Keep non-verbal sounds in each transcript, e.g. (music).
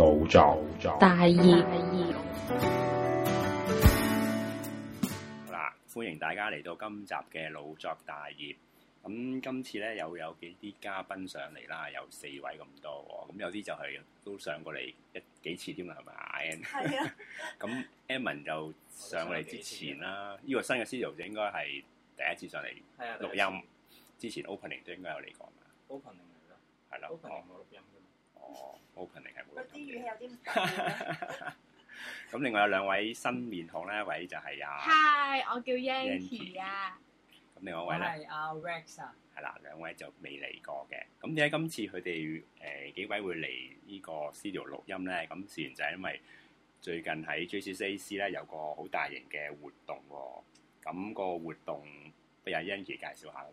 腦作大業，好嗱，歡迎大家嚟到今集嘅腦作大業。咁今次咧又有幾啲嘉賓上嚟啦，有四位咁多，咁有啲就係都上過嚟一幾次添是啊，係咪啊？係啊。咁 e m a n 又上嚟之前啦，呢、 (laughs) 這個新嘅 studio 就應該係第一次上嚟錄音，啊、之前 opening 都應該有嚟過。opening 嚟啦，係啦、啊。opening 冇錄音哦。嗰啲語氣有啲唔同嘅，咁另外有兩位新面孔咧，一位就係啊，Hi，我叫 Yancy 啊，咁 (music) 另外一位咧，係阿 am Rex 啊，係 (noise) 啦樂，兩位就未嚟過嘅，咁點解今次佢哋誒幾位會嚟呢個 Studio 錄音咧？咁事緣就係因為最近喺 JCCC 咧有個好大型嘅活動喎，咁個活動不如阿 Yancy 介紹下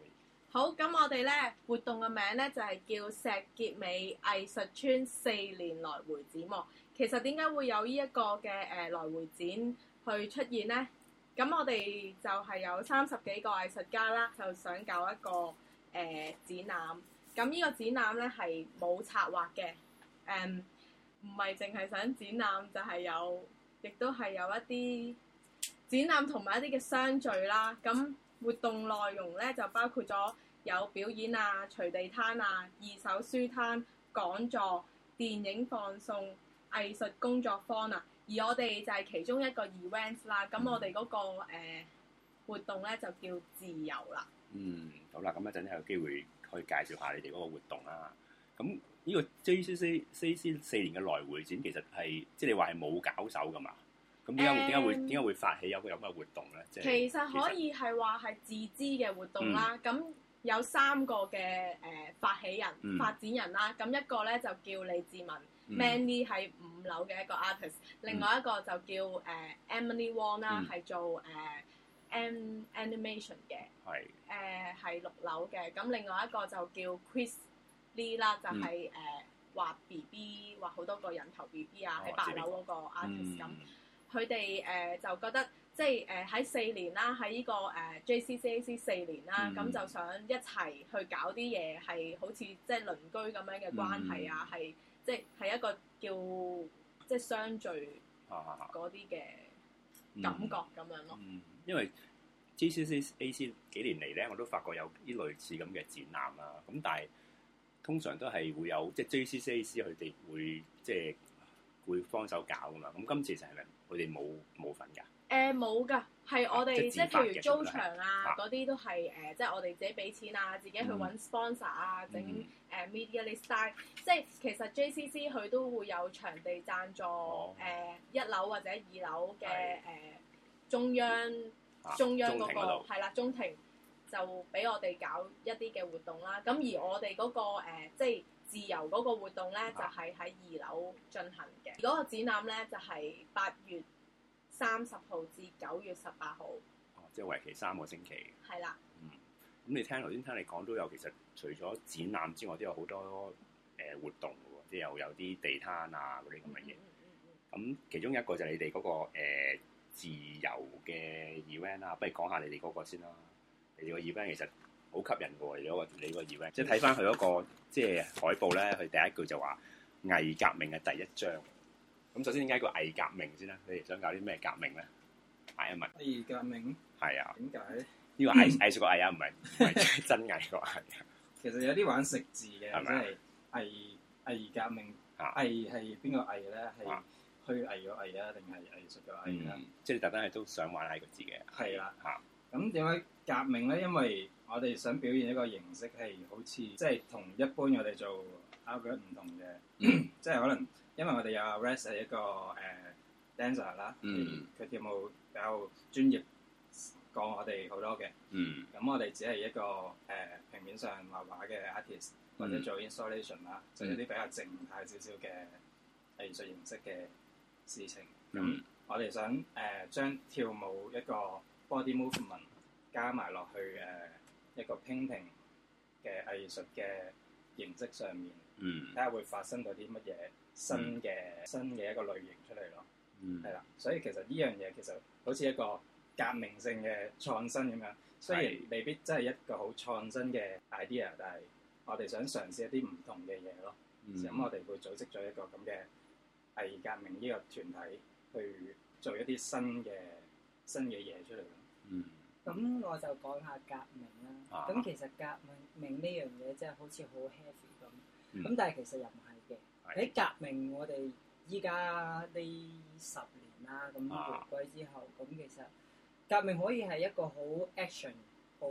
好咁，我哋咧活動嘅名咧就係、是、叫石硤尾藝術村四年來回展。其實點解會有呢一個嘅誒、呃、來回展去出現呢？咁我哋就係有三十幾個藝術家啦，就想搞一個誒、呃、展覽。咁呢個展覽咧係冇策劃嘅，誒唔係淨係想展覽，就係、是、有，亦都係有一啲展覽同埋一啲嘅相聚啦。咁活動內容咧就包括咗有表演啊、隨地攤啊、二手書攤、講座、電影放送、藝術工作坊啊，而我哋就係其中一個 events 啦。咁我哋嗰、嗰個、呃、活動咧就叫自由啦。嗯，好啦，咁一陣咧有機會可以介紹下你哋嗰個活動啦。咁呢個 JCCCC 四年嘅來回展其實係即係你話係冇搞手噶嘛？咁點解會點解會點解會發起有有乜活動咧？即係、嗯、其實可以係話係自資嘅活動啦。咁、嗯、有三個嘅誒、呃、發起人、嗯、發展人啦。咁一個咧就叫李志文、Manly 喺五樓嘅一個 artist。另外一個就叫誒、呃、Emily Wong 啦，係、嗯、做誒 an、呃、animation 嘅，誒係是、呃、六樓嘅。咁另外一個就叫 Chris Lee 啦，就係、是、誒、嗯呃、畫 B B 畫好多個人頭 B B 啊，喺、哦、八樓嗰個 artist 咁。嗯嗯。佢哋誒就覺得即係誒喺四年啦，喺呢、這個誒、呃、JCCAC 四年啦，咁、嗯、就想一齊去搞啲嘢，係好似即係鄰居咁樣嘅關係啊，係、嗯、即係一個叫即係相聚嗰啲嘅感覺咁、啊啊啊嗯、樣咯、嗯。嗯，因為 JCCAC 幾年嚟咧，我都發覺有啲類似咁嘅展覽啊。咁但係通常都係會有即係 JCCAC 佢哋會即係會幫手搞噶嘛。咁今次就係咪？佢哋冇冇份㗎？誒冇㗎，係、呃、我哋即係譬如租場啊嗰啲的都係誒、呃，即係我哋自己俾錢啊，自己去揾 sponsor 啊，整誒 media list 啊，media ar, 嗯、即係其實 JCC 佢都會有場地贊助誒、哦呃、一樓或者二樓嘅誒、嗯、中央中央嗰、嗰個係啦、嗰個，中庭就俾我哋搞一啲嘅活動啦。咁而我哋嗰、嗰個、呃、即係。自由嗰個活動咧，就係喺二樓進行嘅。嗰、啊、個展覽咧，就係八月三十號至九月十八號。哦，即係為期三個星期。係啦、啊。嗯，咁你聽頭先聽你講都有，其實除咗展覽之外，都有好多誒、呃、活動㗎，即係又有啲地攤啊嗰啲咁嘅嘢。咁其中一個就係你哋嗰、嗰個、呃、自由嘅 event 啦，不如講下你哋嗰個先啦。你哋個 event 其實～好吸引喎，你嗰、嗰個你嗰個 event，即係睇翻佢嗰個即係海報咧。佢第一句就話：藝革命嘅第一章。咁首先點解叫藝革命先啦？你哋想搞啲咩革命咧？問一問。藝革命。係啊。點解呢？因為藝藝術個藝 (laughs) 啊，唔係唔係，真藝個藝。其實有啲玩食字嘅，係咪，係即係藝藝革命，藝係邊個藝咧？係虛藝個藝啊，定係藝術個藝啊？嗯、即你特登係都想玩下個字嘅。係啦、啊。嚇、啊！咁點解革命咧？因為我哋想表現一個形式係好似即係同一般我哋做 artist 唔同嘅，即係可能因為我哋有 rest 係一個誒、uh, dancer 啦、嗯，佢跳舞比較專業，教、嗯、我哋好多嘅。咁我哋只係一個誒、uh, 平面上畫畫嘅 artist，或者做 installation 啦、嗯，做一啲比較靜態少少嘅藝術形式嘅事情。嗯、咁我哋想誒、uh, 將跳舞一個 body movement 加埋落去誒一個 painting 嘅藝術嘅形式上面，嗯，睇下會發生到啲乜嘢新嘅、mm. 新嘅一個類型出嚟咯，嗯，係啦，所以其實呢樣嘢其實好似一個革命性嘅創新咁樣，雖然是未必真係一個好創新嘅 idea，但係我哋想嘗試一啲唔同嘅嘢咯。咁、mm. 我哋會組織咗一個咁嘅藝革命呢個團體去做一啲新嘅新嘅嘢出嚟。嗯，咁我就講下革命啦。咁、啊、其實革命命呢樣嘢真係好似好 heavy 咁，咁、嗯、但係其實又唔係嘅。喺的革命，我哋依家呢十年啦、啊，咁回歸之後，咁、啊、其實革命可以係一個好 action、好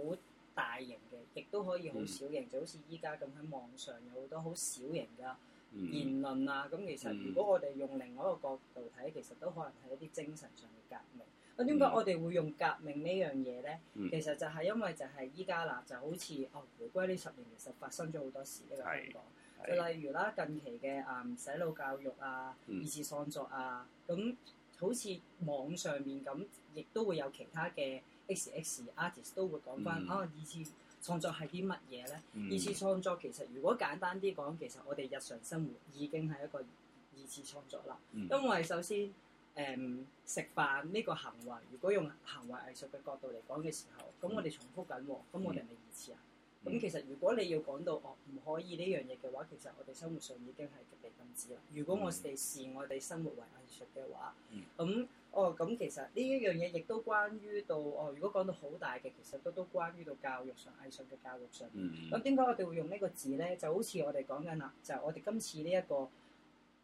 大型嘅，亦都可以好小型，嗯、就好似依家咁喺網上有好多好小型嘅言論啊。咁其實如果我哋用另外一個角度睇，其實都可能係一啲精神上嘅革命。我點解我哋會用革命呢樣嘢咧？嗯、其實就係因為就係依家啦，就好似哦，回歸呢十年其實發生咗好多事呢個香港。就例如啦，近期嘅啊洗腦教育啊，二、嗯、次創作啊，咁好似網上面咁，亦都會有其他嘅 X X artist 都會講翻、嗯、啊，二次創作係啲乜嘢咧？二、嗯、次創作其實如果簡單啲講，其實我哋日常生活已經係一個二次創作啦，嗯、因為首先。誒、um, 食飯呢、這個行為，如果用行為藝術嘅角度嚟講嘅時候，咁我哋重複緊喎，咁我哋係唔係二次啊？咁、mm. 其實如果你要講到哦唔可以呢樣嘢嘅話，其實我哋生活上已經係被禁止啦。如果我哋視我哋生活為藝術嘅話，咁、mm. 哦咁、嗯哦嗯、其實呢一樣嘢亦都關於到哦。如果講到好大嘅，其實都都關於到教育上藝術嘅教育上。咁點解我哋會用呢個字咧？就好似我哋講緊啦，就係、我哋今次呢、呢、一個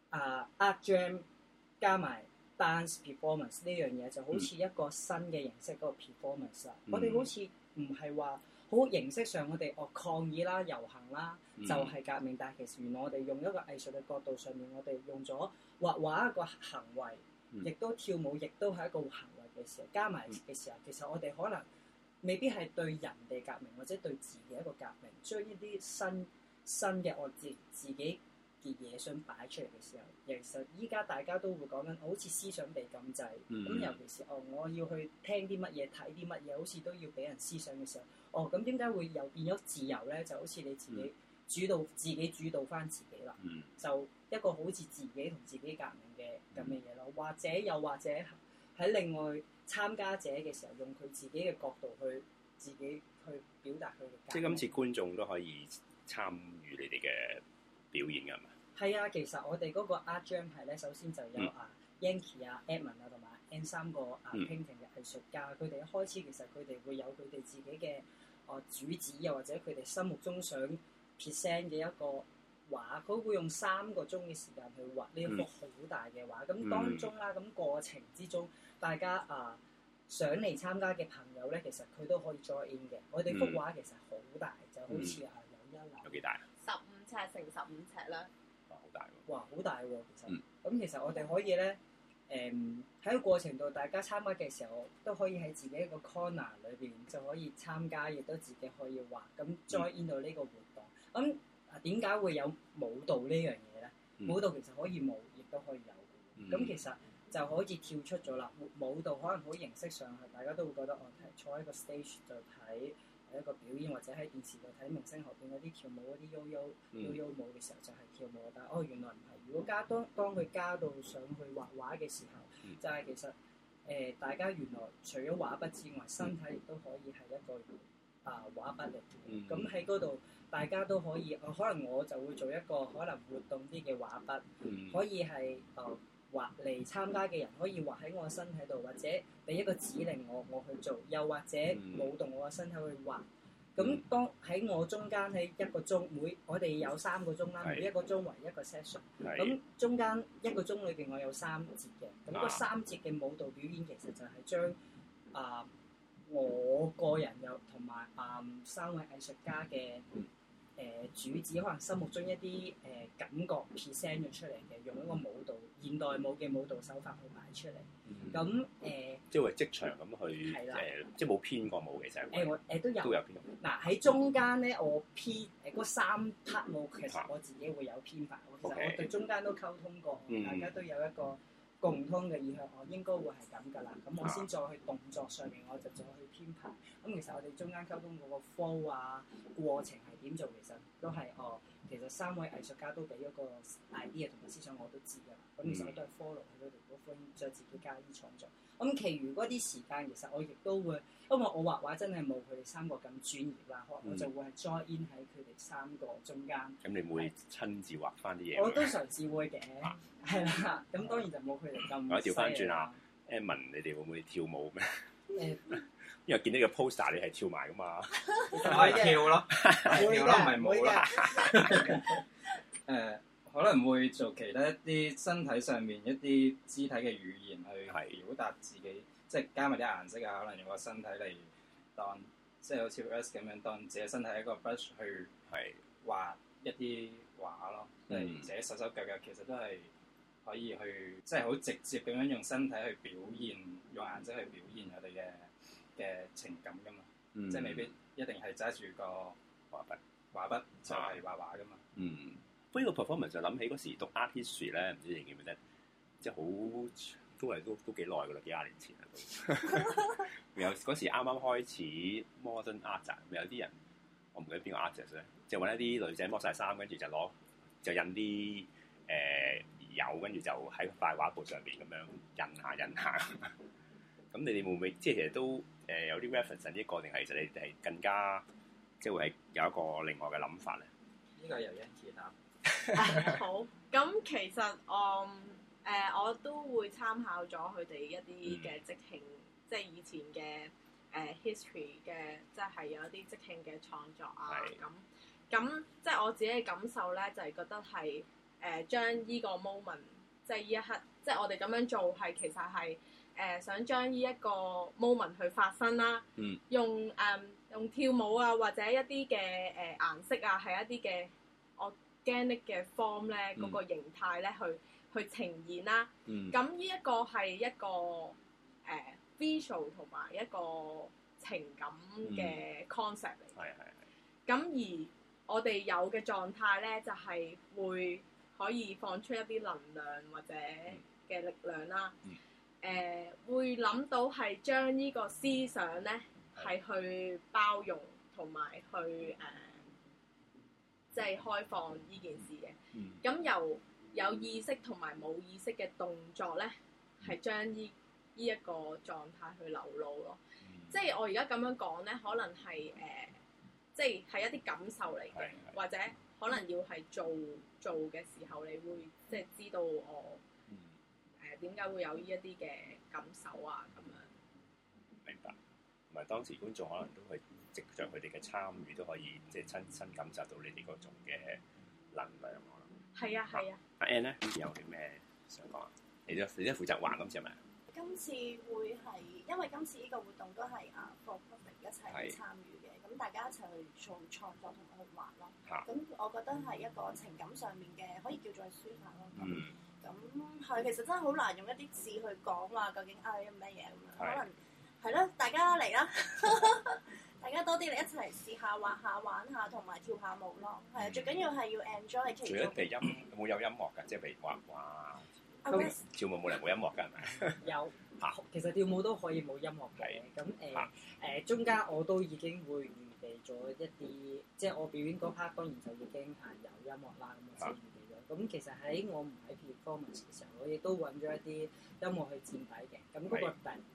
啊、uh, Art Jam 加埋。dance performance 呢樣嘢就好似一個新嘅形式嗰、嗯、個 performance 啦，嗯、我哋好似唔係話好形式上我，我哋哦抗議啦、遊行啦，就係、是、革命。嗯、但係其實原來我哋用一個藝術嘅角度上面，我哋用咗畫畫一個行為，嗯、亦都跳舞，亦都係一個行為嘅時，時候，加埋嘅時候，其實我哋可能未必係對人哋革命或者對自己一個革命，將呢啲新的新嘅我自自己。嘢想擺出嚟嘅時候，其實依家大家都會講緊，好似思想被禁制。咁、嗯、尤其是哦，我要去聽啲乜嘢、睇啲乜嘢，好似都要俾人思想嘅時候，哦，咁點解會又變咗自由咧？就好似你自己主導、嗯、自己主導翻自己啦，嗯、就一個好似自己同自己革命嘅咁嘅嘢咯。或者又或者喺另外參加者嘅時候，用佢自己嘅角度去自己去表達佢。即係今次觀眾都可以參與你哋嘅表演㗎嘛？嗯嗯係啊，其實我哋嗰個 Art Jam 係咧，首先就有啊、嗯、Yankee 啊、Edmond 啊同埋 N 三個啊、嗯、Painting 嘅藝術家，佢哋一開始其實佢哋會有佢哋自己嘅啊、呃、主旨，又或者佢哋心目中想 present 嘅一個畫，佢會用三個鐘嘅時,時間去畫呢一幅好大嘅畫。咁、嗯、當中啦，咁、嗯、過程之中，大家啊、呃、想嚟參加嘅朋友咧，其實佢都可以 join in 嘅。我哋幅畫其實好大，嗯、就好似係兩一樓，有幾大？十五尺乘十五尺啦。哇，好大喎！其實、哦，咁、嗯嗯、其實我哋可以咧，誒喺個過程度，大家參加嘅時候都可以喺自己一個 corner 裏邊就可以參加，亦都自己可以畫，咁 join 到呢個活動。咁點解會有舞蹈呢樣嘢咧？嗯、舞蹈其實可以冇，亦都可以有。咁、嗯嗯、其實就可以跳出咗啦。舞蹈可能好形式上係，大家都會覺得哦，坐喺個 stage 度睇。一個表演，或者喺電視度睇明星後邊嗰啲跳舞嗰啲悠悠 U U 舞嘅時候，就係跳舞。但係哦，原來唔係。如果加當當佢加到上去畫畫嘅時候，嗯、就係其實誒、呃，大家原來除咗畫筆之外，身體亦都可以係一個啊畫筆嚟。咁喺嗰度，那那大家都可以、哦、可能我就會做一個可能活動啲嘅畫筆，可以係哦。畫嚟參加嘅人可以畫喺我身體度，或者俾一個指令我，我去做，又或者舞動我個身體去畫。咁、嗯、當喺我中間喺一個鐘每，我哋有三個鐘啦，是每一個鐘為一個 session 是。咁中間一個鐘裏邊我有三節嘅，咁嗰三節嘅舞蹈表演其實就係將啊、呃、我個人又同埋啊三位藝術家嘅。嗯誒、呃、主子可能心目中一啲誒、呃、感覺 present 咗、呃、出嚟嘅，用一個舞蹈現代舞嘅舞蹈手法去擺出嚟。咁誒，即係為職場咁去誒，嗯呃、即係冇編過舞其實。誒我誒都有都有編。嗱喺、呃、中間咧，我編誒嗰三 part 舞其實我自己會有編法。嗯、其實我對中間都溝通過，嗯、大家都有一個。共通嘅意向，我應該會係咁噶啦。咁我先再去動作上面，我就再去編排。咁其實我哋中間溝通嗰個 flow 啊，過程係點做，其實都係哦。其實三位藝術家都俾咗個 idea 同埋思想我都知嘅，咁所以我都係 follow 喺佢哋，咁再自己加啲創作。咁，其餘嗰啲時間，其實我亦都會，因為我畫畫真係冇佢哋三個咁專業啦，我就會係 join 喺佢哋三個中間。咁、嗯、是你會親自畫翻啲嘢？我都嘗試會嘅，係啦、啊。咁當然就冇佢哋咁犀利。我調翻轉啊 Evan 你哋會唔會跳舞咩？ (laughs) 因為見到個 poster，你係跳埋噶嘛？咪跳咯，的跳咯唔係冇 (laughs) 咯。誒， (laughs) 可能會做其他一啲身體上面一啲肢體嘅語言去表達自己，是即係加埋啲顏色啊，可能用個身體嚟當，即係好似畫 S 咁樣，當自己身體一個 brush 去畫一啲畫咯。是嗯，寫手手腳腳其實都係可以去，即係好直接咁樣用身體去表現，用顏色去表現佢哋嘅嘅情感噶嘛，嗯、即係未必一定係揸住個畫筆，畫筆就係畫畫噶嘛。嗯，不過呢個 performance 就諗起嗰時讀 art history 咧，唔知認唔認得，即係好都嚟都都幾耐噶啦，幾廿年前啦。 (laughs) (laughs) 有嗰時啱啱開始 modern art 咪有啲人，我唔記得邊個 artist 咧，就揾一啲女仔剝晒衫，跟住就攞就印啲誒、呃、油，跟住就喺塊畫布上邊咁樣印下印下。咁你哋會唔會即係其實都誒有啲 reference 喺呢一個，定係其實你哋係更加即係會係有一個另外嘅諗法咧？呢個由欣姐答。好，咁其實我誒、uh, 我都會參考咗佢哋一啲嘅即興，即係、mm. 以前嘅誒、uh, history 嘅，即、就、係、是、有一啲即興嘅創作啊。咁咁即係我自己嘅感受咧，就係、是、覺得係誒、uh, 將依個 moment，即係呢一刻，即、就、係、是、我哋咁樣做係其實係。誒、呃、想將呢一個 moment 去發生啦，嗯、用誒、呃、用跳舞啊，或者一啲嘅誒顏色啊，係一啲嘅 organic 嘅 form 咧，嗰、嗯、個形態咧去去呈現啦。咁呢、嗯、一個係一個誒 visual 同埋一個情感嘅 concept 嚟嘅。咁、嗯、而我哋有嘅狀態咧，就係、是、會可以放出一啲能量或者嘅力量啦。嗯嗯誒、呃、會諗到係將呢個思想咧，係去包容同埋去誒，即、呃、係、即係、開放呢件事嘅。咁、嗯、由有意識同埋冇意識嘅動作咧，係將呢呢一個狀態去流露咯。嗯、即係我而家咁樣講咧，可能係誒，即係係一啲感受嚟嘅，嗯、或者可能要係做做嘅時候，你會即係、即係、知道我。點解會有呢一啲嘅感受啊？咁樣明白，同埋當時觀眾可能都係藉着佢哋嘅參與都可以，即係親身感受到你哋嗰種嘅能量咯。係啊，係啊。阿 Ann 咧，有啲咩想講啊？你都你都負責玩今次係咪？是是，今次會係因為今次呢個活動都係啊，各方嚟一齊參與嘅，咁是大家一齊去做創作同埋去玩咯。咁、啊、我覺得係一個情感上面嘅，可以叫做係抒發咯。嗯。咁係、嗯，其實真係好難用一啲字去講話究竟啊咩嘢咁樣，可能係咯， (music) 大家嚟啦，大家多啲嚟一齊試下畫下、玩下，同埋跳下舞咯。係啊，最緊要係要 enjoy 其中。做一地音冇有音樂㗎，即係譬如畫畫、跳舞冇嚟冇音樂㗎，係咪？有，啊、其實跳舞都可以冇音樂嘅。咁誒誒，呃啊、中間我都已經會預備咗一啲，即係我表演嗰 part 當然就已經係有音樂啦咁樣。咁其實喺我唔喺 performance 嘅時候，我亦都揾咗一啲音樂去墊底嘅。咁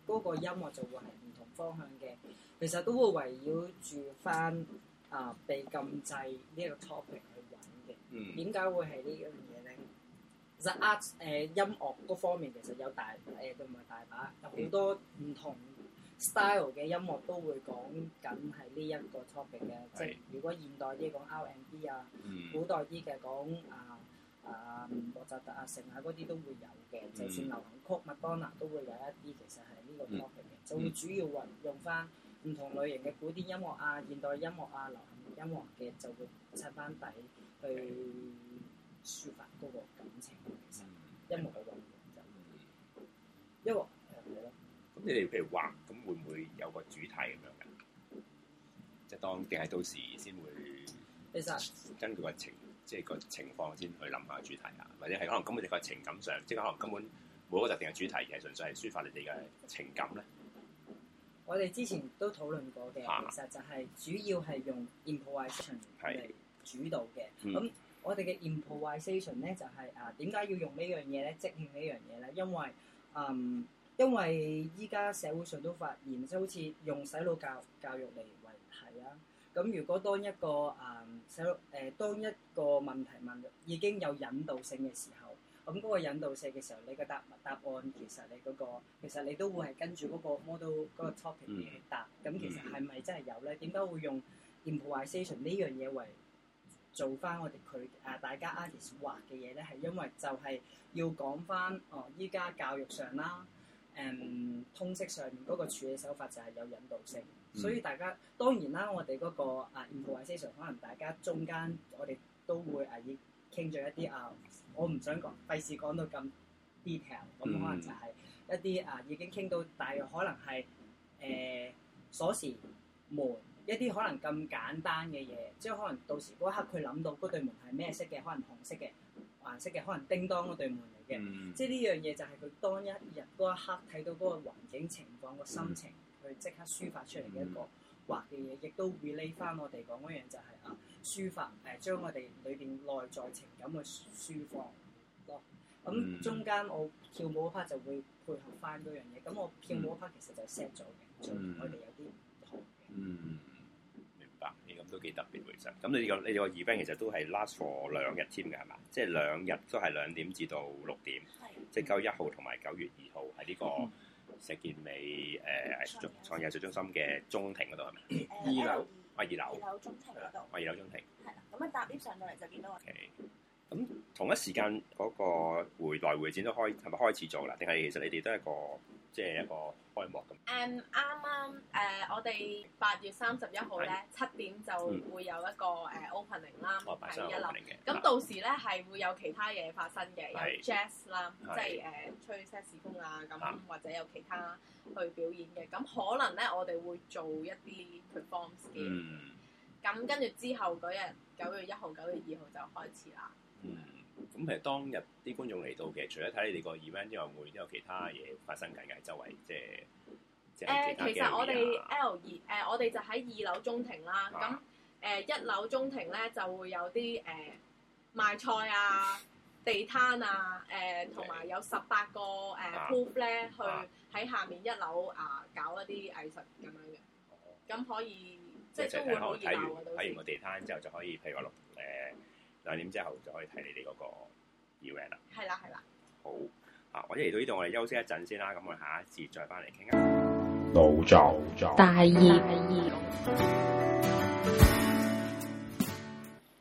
嗰個音樂就會係唔同方向嘅，其實都會圍繞住翻啊被禁制呢一個 topic 去揾嘅。點解、嗯、會係呢樣嘢咧？其實 art 誒、呃、音樂嗰方面其實有大都唔係大把，有好多唔同 style 嘅音樂都會講緊係呢一個 topic 嘅。即係如果現代啲講 R&B 啊，嗯、古代啲嘅講啊。呃啊，莫扎特啊，剩啊嗰啲都會有嘅。就算、嗯、流行曲，麥當娜都會有一啲，其實係呢個 topic 嘅。嗯、就會主要運用翻唔同類型嘅古典音樂啊、現代音樂啊、流行音樂嘅，就會刷翻底去抒發嗰個感情。的其實音樂嘅運用就會，音樂係咩咧？咁你哋譬如畫，咁會唔會有個主題咁樣嘅？即係當定係到時先會，其實根據個情。即係個情況先去諗下主題啊，或者係可能根本哋個情感上，即係可能根本每個特定嘅主題而係純粹係抒發你哋嘅情感咧。我哋之前都討論過嘅，啊、其實就係主要係用 improvisation 嚟主導嘅。咁的我哋嘅 improvisation 咧就係、係、啊點解要用呢樣嘢咧？即興呢樣嘢咧，因為嗯因為依家社會上都發現，即係好似用洗腦教教育嚟為題啊。咁如果當一個誒，想、呃、誒當一個問題問，已經有引導性嘅時候，咁、嗯、嗰、那個引導性嘅時候，你個答答案其實你嗰、那個、其實你都會係跟住嗰個 model 嗰、嗯、個 topic 去答。咁、嗯嗯、其實係咪真係有咧？點解會用 improvisation 呢樣嘢為做翻我哋佢誒大家 artist 畫嘅嘢咧？係因為就係要講翻哦，依家教育上啦。誒、um, 通識上面嗰個處理手法就係有引導性，嗯、所以大家當然啦，我哋嗰、那個啊 interpretation 可能大家中間我哋都會誒傾咗一啲啊，uh, 我唔想講費事講到咁 detail，咁、嗯、可能就係一啲啊、uh, 已經傾到，大約，係可能係誒鎖匙門一啲可能咁簡單嘅嘢，即、就、係、是、可能到時嗰一刻佢諗到嗰對門係咩色嘅，可能紅色嘅。顏色嘅可能叮當個對門嚟嘅，嗯、即係呢樣嘢就係佢當一日嗰一刻睇到嗰個環境情況個心情，去、嗯、即刻抒發出嚟嘅一個畫嘅嘢，嗯、亦都 relief 翻我哋講嗰樣就係、是、啊，抒發誒將我哋裏邊內在情感去抒放咯。咁、嗯嗯、中間我跳舞嗰 part 就會配合翻嗰樣嘢，咁我跳舞嗰 part 其實就 set 咗嘅，就唔可以有啲唔同嘅。嗯嗯都幾特別其實，咁你個你個 event 其實都係 last for 兩日添㗎係嘛？即係兩日都係兩點至到六點，的即係九月一號同埋九月二號喺呢個石硤尾誒 (laughs) 創意藝術中心嘅中庭嗰度係咪？二樓，啊二樓，二樓中庭嗰度，啊二樓中庭。係啦，咁啊搭 lift 上到嚟就見到。O K，咁同一時間嗰個回 (laughs) 來回展都開係咪開始做啦？定係其實你哋都係個？即係一個開幕咁，um。誒啱啱誒，我哋八月三十一號咧七點就會有一個誒、uh, opening 啦。一諗嘅。咁到時咧係、啊、會有其他嘢發生嘅，有 jazz 啦，是即係誒、uh, 吹色士風啊咁，或者有其他去表演嘅。咁可能咧我哋會做一啲 performance。嗯。咁跟住之後嗰日，九月一號、九月二號就開始啦。嗯。嗯咁係當日啲觀眾嚟到嘅，除咗睇你哋個 event 之外，會有，有其他嘢發生緊嘅？周圍即係誒，即吉吉其實我哋 L 二誒，我哋就喺二樓中庭啦。咁誒一樓中庭咧就會有啲誒賣菜啊地攤啊誒，同埋有十八個誒 proof 咧去喺下面一樓啊搞一啲藝術咁樣嘅，咁可以、嗯、即係是都會好熱鬧。睇完個是地攤之後就可以，譬如話落誒。兩點之後就可以睇你哋嗰個 event 啦。係啦係啦。好啊，或者嚟到呢度，我哋休息一陣先啦。咁我哋下一節再翻嚟傾啊。腦作作大業。啊、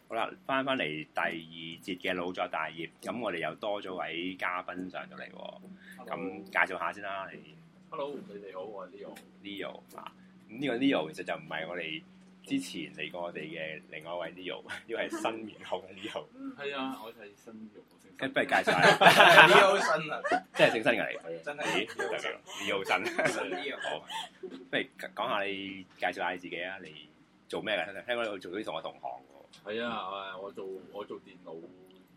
好啦，翻翻嚟第二節嘅腦作大業，咁我哋又多咗位嘉賓上咗嚟，咁介紹下先啦。Hello. 你，Hello，你哋好，我係 Leo，Leo 啊。咁、這、呢個 Leo 其實就唔係我哋。之前嚟過我哋嘅另外一位 Leo，要係新面孔 Leo。嗯，係啊，我係新 Leo。誒，不如介紹下。Leo 新啊，即係正新嚟嘅。真係 Leo 新。Leo 新。好，不如講下你介紹下你自己啊，你做咩嘅？聽講你做啲同我同行㗎喎。係啊，我做我做電腦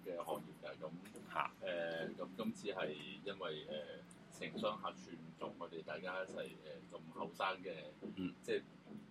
嘅行業㗎。咁嚇誒，咁今次係因為誒情商客串，同我哋大家一齊誒咁後生嘅，嗯，即係。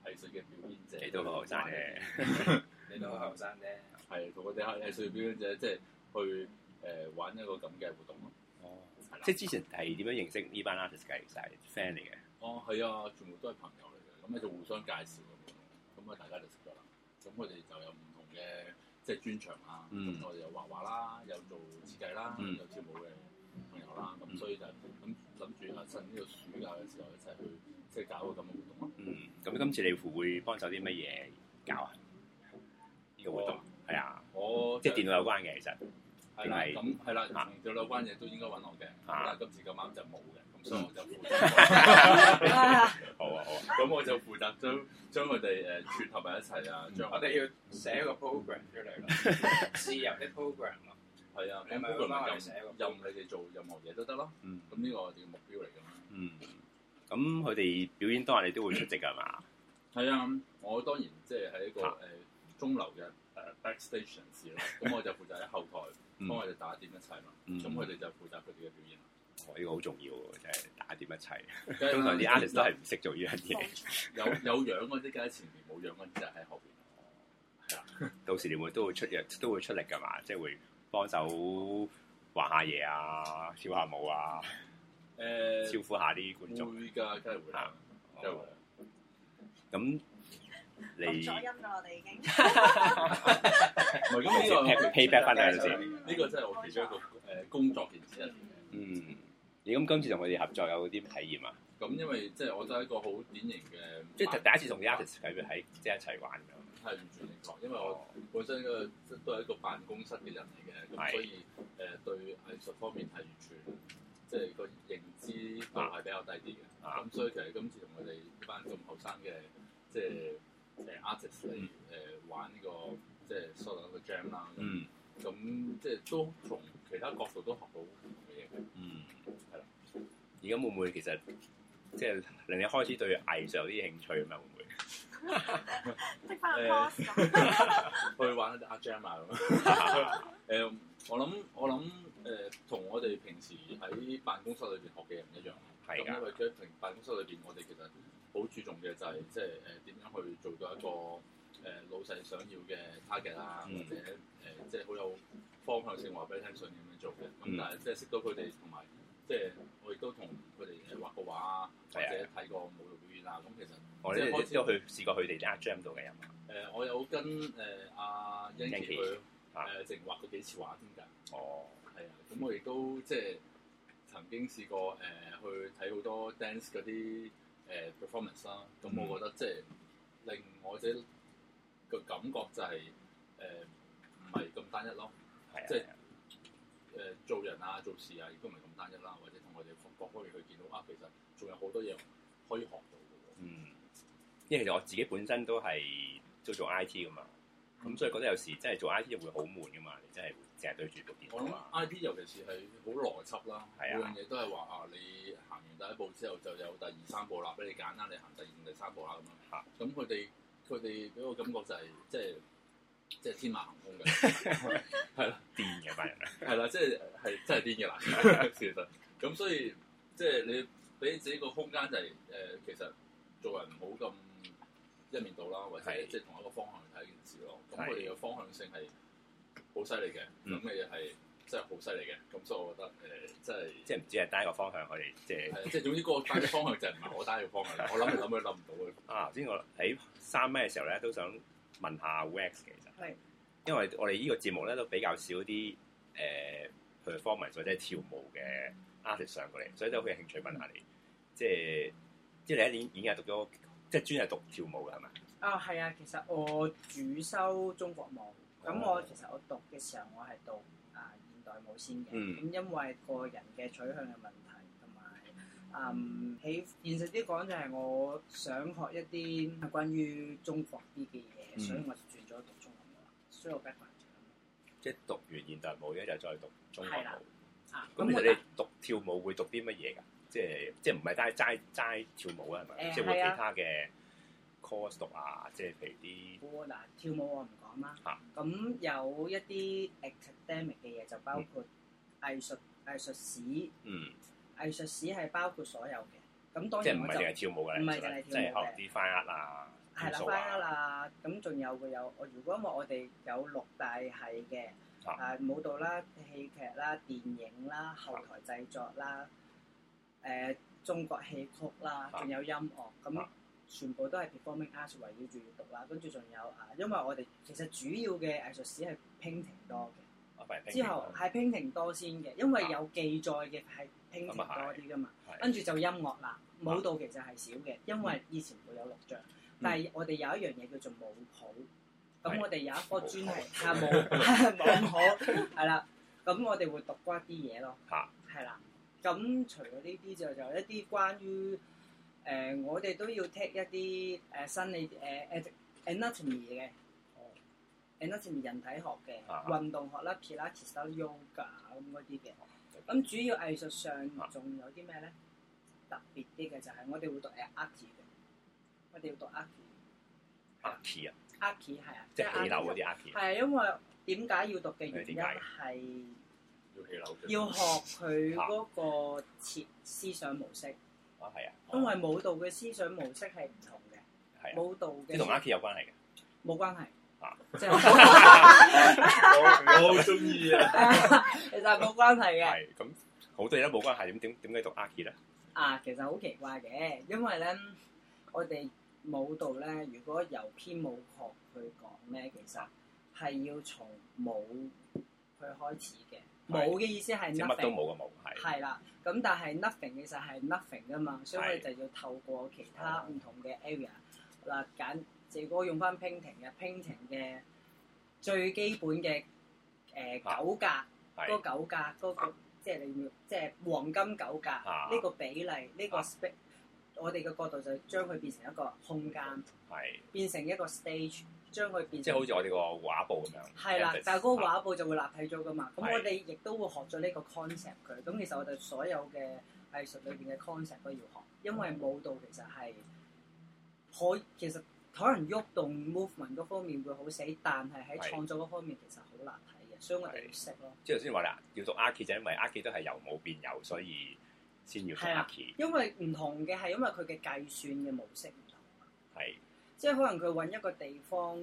藝術嘅表演者，你都好後生嘅，你都好後生啫。係，同我哋係藝術表演者，即係去誒玩一個咁嘅活動咯。哦，係啦。即係之前係點樣認識呢班 artist 嘅？係 friend 嚟嘅。哦，係啊，全部都係朋友嚟嘅，咁咧仲互相介紹咁，咁啊大家就識咗啦。咁我哋就有唔同嘅即係專長啊。嗯。咁我哋有畫畫啦，有做設計啦，有跳舞嘅朋友啦。咁所以就咁諗住啊，趁呢個暑假嘅時候一齊去。去搞個咁嘅活動啊！嗯，咁今次你會會幫手啲乜嘢搞啊？呢個活動係啊，我即係電腦有關嘅其實。係啦。咁係啦，電腦有關嘢都應該揾我嘅。啊，今次咁啱就冇嘅，咁所以我就負責。好啊好啊，咁我就負責將將佢哋誒串合埋一齊啊！將我哋要寫個 program 出嚟咯，自由啲 program 咯。係啊，你咪任任你哋做任何嘢都得咯。嗯。咁呢個我哋嘅目標嚟㗎嘛。嗯。咁佢哋表演當日你都會出席㗎嘛？係啊，我當然即係喺一個誒中流嘅誒 backstage 人士啦。咁我就負責喺後台幫佢哋打點一切嘛。咁佢哋就負責佢哋嘅表演。哦，呢個好重要喎，真係打點一切。通常啲 artist 都係唔識做呢樣嘢。有有樣嗰啲梗係前面，冇樣嗰啲就喺後邊。係啊，到時你會都會出嘅，都會出力㗎嘛。即係會幫手畫下嘢啊，跳下舞啊。誒招呼下啲觀眾，會㗎，梗係會啦，梗係會啦。咁你錄咗音咗我哋已經，唔係咁呢先。呢個真係我其中一個誒工作經驗。嗯，你咁今次同佢哋合作有啲體驗啊？咁因為即係我都係一個好典型嘅，即係第一次同 The artist 喺即係一齊玩咁。係完全唔同，因為我本身嘅都係一個辦公室嘅人嚟嘅，咁所以誒對藝術方面係完全。即係個認知度係比較低啲嘅，咁 Yeah.、嗯、所以其實今次同佢哋一班咁後生嘅，即係誒 artist 嚟誒玩呢、這個即係 solo 一個 jam 啦，咁即係都從其他角度都學到唔同嘅嘢嘅，嗯，係啦。而家會唔會其實即係令你開始對藝術有啲興趣咁啊？會唔會？識翻咁去玩啲 Art Jam 啊咁。誒，我諗我諗。 (laughs) 誒，同我哋平時喺辦公室裏邊學嘅嘢唔一樣咯。係啊。咁因為喺平辦公室裏邊，我哋其實好注重嘅就係即係誒點樣去做到一個誒老細想要嘅 target 啦，或者誒即係好有方向性話俾你聽，順點樣做嘅。咁但係即係識到佢哋，同埋即係我亦都同佢哋畫過畫啊，或者睇過舞蹈表演啊。咁其實我一開始都去試過佢哋啲 adjust 到嘅，有冇？我有跟誒阿 Enki 佢誒淨畫過幾次畫先㗎。哦。係啊，咁我亦都即係曾經試過誒去睇好多 dance 啲誒 performance 啦，咁我覺得即係令我者個感覺就係誒唔係咁單一咯，係即係誒做人啊、做事啊，亦都唔係咁單一啦，或者同我哋各方面去見到啊，其實仲有好多嘢可以學到嘅，嗯，因為其實我自己本身都係都做做 IT 嘅嘛。咁所以覺得有時即係做 I T 會好悶噶嘛，你真係淨係對住部電腦。我諗 I T 尤其是係好邏輯啦，樣嘢都係話啊，你行完第一步之後就有第二三步啦，俾你揀啦，你行第二第三步啦咁樣。咁佢哋佢哋俾個感覺就係即係即係天馬行空嘅，係咯，癲嘅班人。係啦，即係係真係癲嘅啦，其實。咁所以即係你俾自己個空間就係誒，其實做人唔好咁一面倒啦，或者即係同一個方向睇一件事咯。咁佢哋嘅方向性係好犀利嘅，咁嘅嘢係真係好犀利嘅。咁所以我覺得誒、呃，真係即係唔知係單一個方向， (laughs) 我哋即係即係總之嗰個單嘅方向就係唔係好單嘅方向啦。我諗你諗都諗唔到啊，頭先我喺三咩嘅時候咧，都想問下 Wax 其實，的因為我哋呢個節目咧都比較少啲誒 performer 或者跳舞嘅 artist 上過嚟，所以都有好嘅興趣問下你，嗯、即係即係你一年已經讀咗。即係專係讀跳舞㗎係嘛？啊係啊，其實我主修中國舞，咁、oh. 我其實我讀嘅時候我係讀啊現代舞先嘅，咁、mm. 因為個人嘅取向嘅問題同埋啊喺，現實啲講就係我想學一啲關於中國啲嘅嘢，mm. 所以我就轉咗讀中文㗎啦。所以我 background 即係讀完現代舞一就再讀中國舞。係啦的，啊咁其實你讀跳舞會讀啲乜嘢㗎？即係即係唔係單係齋齋跳舞啊？係咪即係會有其他嘅 course 讀啊？即係譬如啲嗱跳舞我唔講啦。嚇，咁有一啲 academic 嘅嘢就包括藝術、藝術史。嗯，藝術史係包括所有嘅。咁當然我就唔係淨係跳舞嘅。唔係淨係跳，即係學啲翻譯啊，係啦，fire 啦。咁仲有會有我，如果因為我哋有六大系嘅啊，舞蹈啦、戲劇啦、電影啦、後台製作啦。誒中國戲曲啦，仲有音樂，咁全部都係 performing arts 圍繞住讀啦。跟住仲有啊，因為我哋其實主要嘅藝術史係 painting 多嘅，之後係 painting 多先嘅，因為有記載嘅係 painting 多啲㗎嘛。跟住就音樂啦，舞蹈其實係少嘅，因為以前冇有錄像。但係我哋有一樣嘢叫做舞譜，咁我哋有一科專係嚇舞舞譜，係啦。咁我哋會讀一啲嘢咯，係啦。咁除咗呢啲就就一啲關於誒、呃，我哋都要 take 一啲誒生理誒誒 anatomy 嘅，anatomy 人體學嘅、運動學啦、pilates 啦、yoga 咁嗰啲嘅。咁主要藝術上仲有啲咩咧？特別啲嘅就係我哋會讀 art 嘅，我哋、就是、要讀 art。Art 啊！Art 系啊！即係起樓啲 art。係因為點解要讀嘅原因係？要學佢嗰個設思想模式，啊，係啊，因為舞蹈嘅思想模式係唔同嘅，舞蹈嘅，你同阿 Key 有關係嘅，冇關係啊，我我好中意啊，其實冇關係嘅，係咁好多嘢都冇關係，點點點解讀阿 Key 咧？啊，其實好奇怪嘅，因為咧，我哋舞蹈咧，如果由編舞學去講咧，其實係要從舞去開始嘅。冇嘅意思係乜都冇㗎冇係係啦，咁但係 nothing 其實係 nothing 啊嘛，所以我哋就要透過其他唔同嘅 area 嗱的，揀，例如我用翻 painting 嘅 painting 嘅最基本嘅誒、呃啊、九格，嗰的九格嗰、那個，啊、即係你要，即係黃金九格呢、啊、個比例，呢、這個 space，、啊、我哋嘅角度就將佢變成一個空間，的變成一個 stage。將佢變成即係好似我哋個畫布咁樣，係啦的，但係嗰個畫布就會立體咗噶嘛。咁、嗯、我哋亦都會學咗呢個 concept 佢。咁的其實我哋所有嘅藝術裏邊嘅 concept 都要學，因為舞蹈其實係可其實可能喐動 movement 嗰方面會好死，但係喺創作嗰方面其實好難睇嘅，的所以我哋要識咯。即頭先話啦，要讀 Archi 就因為 Archi 都係由冇變有，所以先要 Archi。因為唔同嘅係因為佢嘅計算嘅模式唔同。係。即係可能佢揾一個地方，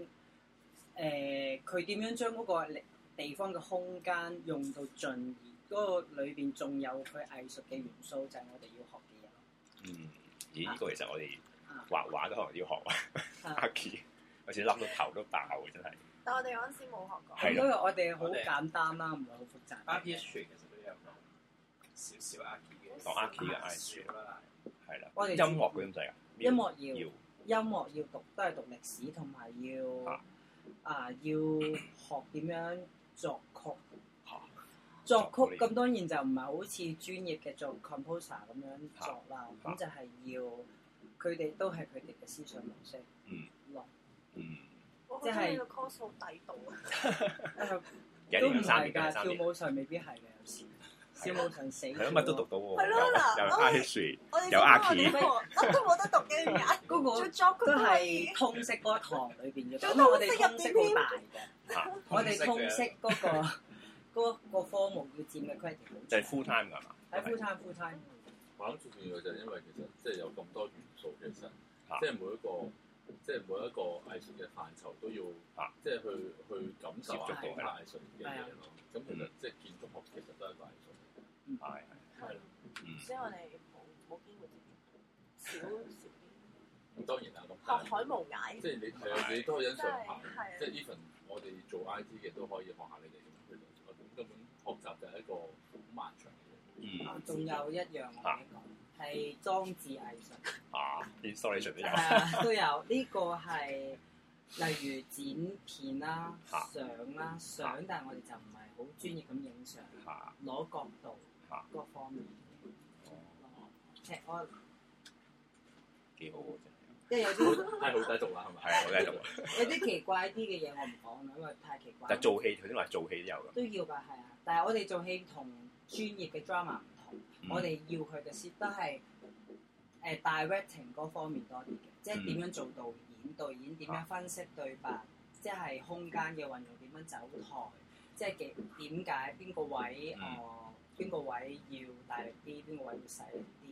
誒佢點樣將嗰個地方嘅空間用到盡，而嗰個裏邊仲有佢藝術嘅元素，就係我哋要學嘅嘢。嗯，咦？呢個其實我哋畫畫都可能要學啊！阿 Key，好似諗到頭都爆啊！真係。但我哋嗰陣時冇學過。係啦，因為我哋好簡單啦，唔係好複雜。阿 Key 其實都有嘅，少少阿 Key 嘅。講阿 Key 嘅藝術啦。我音樂嗰啲唔使音樂要。音樂要讀都係讀歷史，同埋要啊、呃、要學點樣作曲。啊、作曲咁年當然就唔係好似專業嘅做 composer 咁樣作啦。咁、啊、就係要佢哋都係佢哋嘅思想模式落。嗯，即係 course 好抵到啊！ (laughs) (laughs) 都唔係㗎，年年年年跳舞上未必係嘅有時。小冇堂死，係乜都讀到喎，有阿樹，有阿 K，我都冇得讀嘅，嗰個佢係通識課堂裏邊嘅，咁我哋通識好大嘅，我哋通識嗰個嗰個科目要佔嘅規定就係 full time 㗎嘛，係 full time full time。我諗最重要就係因為其實即係有咁多元素，其實即係每一個即係每一個藝術嘅範疇都要，即係去去感受下藝術嘅嘢咯。咁其實即係建築學其實都係藝術。係係，所以我哋冇冇機會接觸少少啲。咁當然啦，學海無涯。即係你係有啲都係欣賞下，即係 even 我哋做 I T 嘅都可以學下你哋嘅。其實根本學習就係一個好漫長嘅嘢。仲有一樣我哋講係裝置藝術。啊，sorry，隨便講。係啊，都有呢個係例如剪片啦、相啦、相，但係我哋就唔係好專業咁影相，攞角度。各方面哦，其實我幾好嘅啫，即係有啲係好低俗啦，係咪？係啊，我係咁有啲奇怪啲嘅嘢我唔講啦，因為太奇怪。但係做戲頭先話做戲都有嘅。都要嘅係啊，但係我哋做戲同專業嘅 drama 唔同，我哋要佢嘅 set 都係誒 directing 嗰方面多啲嘅，即係點樣做導演？導演點樣分析對白？即係空間嘅運用點樣走台？即係點解邊個位哦？邊個位要大力啲，邊個位要細力啲？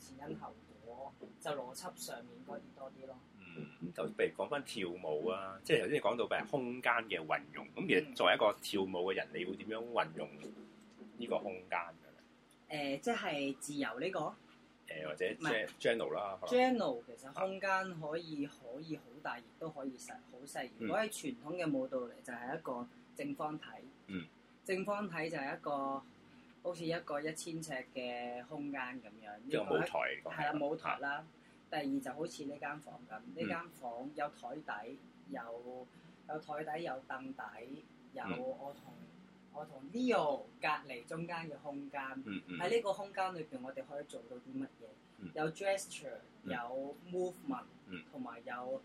前、嗯、因後果就邏輯上面嗰啲多啲咯。嗯，咁就譬如講翻跳舞啊，即係頭先你講到譬如空間嘅運用。咁其實作為一個跳舞嘅人，你會點樣運用呢個空間嘅咧？誒、呃，即、就、係、是、自由呢、這個誒、呃，或者 journal 啦。journal 是吧其實空間可以可以好大，亦都可以細好細。嗯、如果係傳統嘅舞蹈嚟，就係一個正方體。嗯，正方體就係一個。好似一個一千尺嘅空間咁樣，呢、這個係，係啦舞，舞台啦。啊、第二就好似呢間房咁，呢間、嗯、房有台底，有有台底有凳底，有我同、嗯、我同 Leo 隔離中間嘅空間。喺呢、嗯嗯、個空間裏邊，我哋可以做到啲乜嘢？嗯、有 gesture，、嗯、有 movement，同埋、嗯、有，有。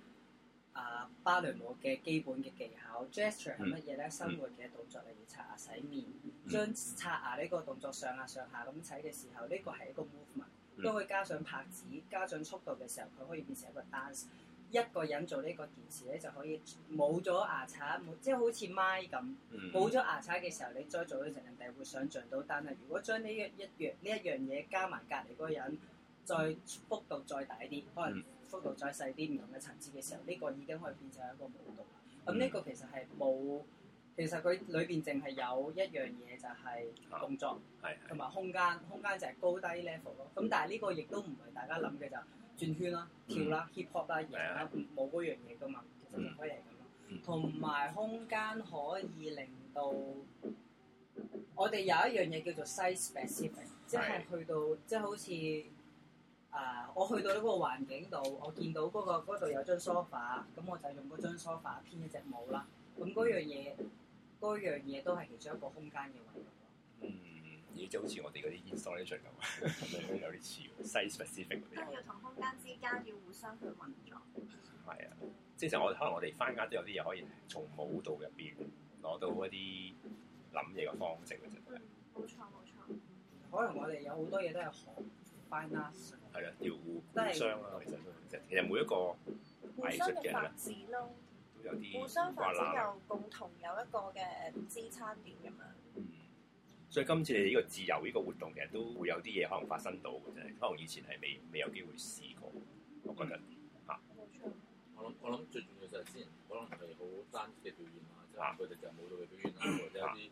啊芭蕾舞嘅基本嘅技巧，gesture 係乜嘢咧？生活嘅動作，例如刷牙洗、洗面、嗯，將刷牙呢個動作上下上下咁睇嘅時候，呢個係一個 movement，、嗯、都可以加上拍子，加上速度嘅時候，佢可以變成一個 dance。一個人做呢個電視呢個件事咧，就可以冇咗牙刷，即係好似咪咁冇咗牙刷嘅時候，你再做呢陣，人哋會想象到。但係如果將呢一一樣呢一樣嘢加埋隔離嗰個人，再幅度再大啲，可能、嗯。幅度再細啲唔同嘅層次嘅時候，呢、這個已經可以變成一個舞蹈。咁呢、嗯、個其實係冇，其實佢裏邊淨係有一樣嘢就係動作，同埋、哦嗯、空間。空間就係高低 level 咯、嗯。咁但係呢個亦都唔係大家諗嘅就轉、是、圈啦、啊、跳啦、啊、嗯、hip hop 啦而家冇嗰樣嘢㗎嘛。其實就可以係咁咯。同埋、嗯嗯、空間可以令到我哋有一樣嘢叫做 size specific，即係去到即係、就是、好似。啊！Uh，我去到呢嗰個環境度，我見到嗰度有張梳化，咁我就用嗰張梳化編一隻舞啦。咁嗰樣嘢，嗰樣嘢都係其中一個空間嘅運動。嗯，而即好似我哋嗰啲 installation 咁，呵呵 (laughs) 有啲似 site specific 嗰啲。要同空間之間要互相去運作。係 (laughs) 啊，即係其實我可能我哋翻家都有啲嘢可以從舞蹈入邊攞到嗰啲諗嘢嘅方式。嗯，冇錯冇錯。可能我哋有好、嗯、多嘢都係學 f 係啦，交互互相啦，其實都其實每一個藝術嘅發展咯，都有啲互相發展有共同有一個嘅支撐點咁樣。嗯，所以今次你呢個自由呢個活動其實都會有啲嘢可能發生到嘅，真係可能以前係未未有機會試過，我覺得嚇、嗯啊。我諗我諗最重要就係先，可能係好單肢嘅表演，就是、啊，即係佢哋就舞蹈嘅表演啦，或者有啲。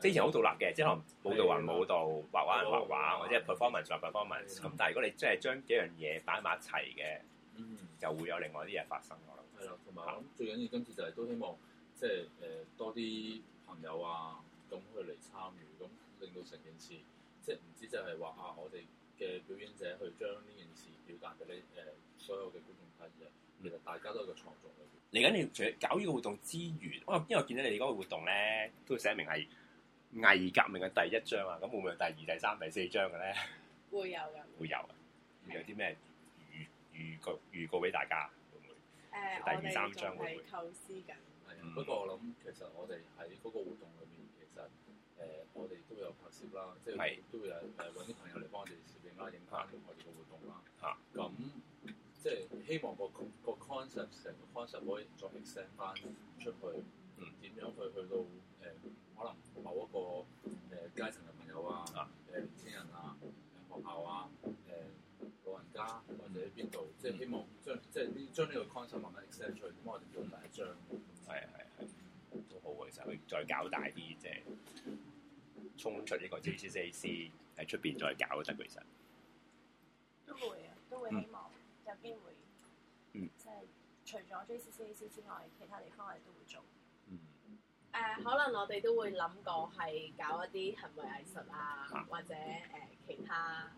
之前好獨立嘅，即係可能舞蹈人舞蹈、畫畫人畫畫，或者 performance 做下 performance。咁但係如果你真係將幾樣嘢擺埋一齊嘅，嗯，就會有另外啲嘢發生咯。係啦，同埋我諗最緊要今次就係都希望即係誒多啲朋友啊，咁去嚟參與，咁令到成件事即係唔知就係話啊，我哋嘅表演者去將呢件事表達俾你誒所有嘅觀眾睇嘅，其實大家都係個創作嚟嘅。嚟緊，你除搞呢個活動之餘，我因為見到你哋嗰個活動咧，都會寫明係。藝革命嘅第一章啊，咁會唔會有第二、第三、第四章嘅咧的？會有嘅。會有啊！有啲咩預預告預告俾大家，會唔會？誒、呃，第二我哋仲係構思緊。係不過我諗其實我哋喺嗰個活動裏面，其實誒、呃、我哋都有拍攝啦，即係的都會有誒搵啲朋友嚟幫我哋攝影啦、影翻同我哋嘅活動啦。啊。咁、啊、即係希望個概念個 concept 成個 concept 可以再 extend 翻出去，點樣去去到誒？可能某一個誒階層嘅朋友啊，誒年輕人啊，學校啊，誒老人家，我哋喺邊度？即係希望將即係啲將呢個 concept 慢慢 extend 出去，咁我哋都唔係一張。係係係，都好其實去再搞大啲，即係衝出呢個 JCCC 喺出邊再搞都得其實都會啊，都會希望有機會，即係除咗 JCCC 之外，其他地方我哋都會做。誒可能我哋都會諗過係搞一啲行為藝術啊，啊或者誒、呃、其他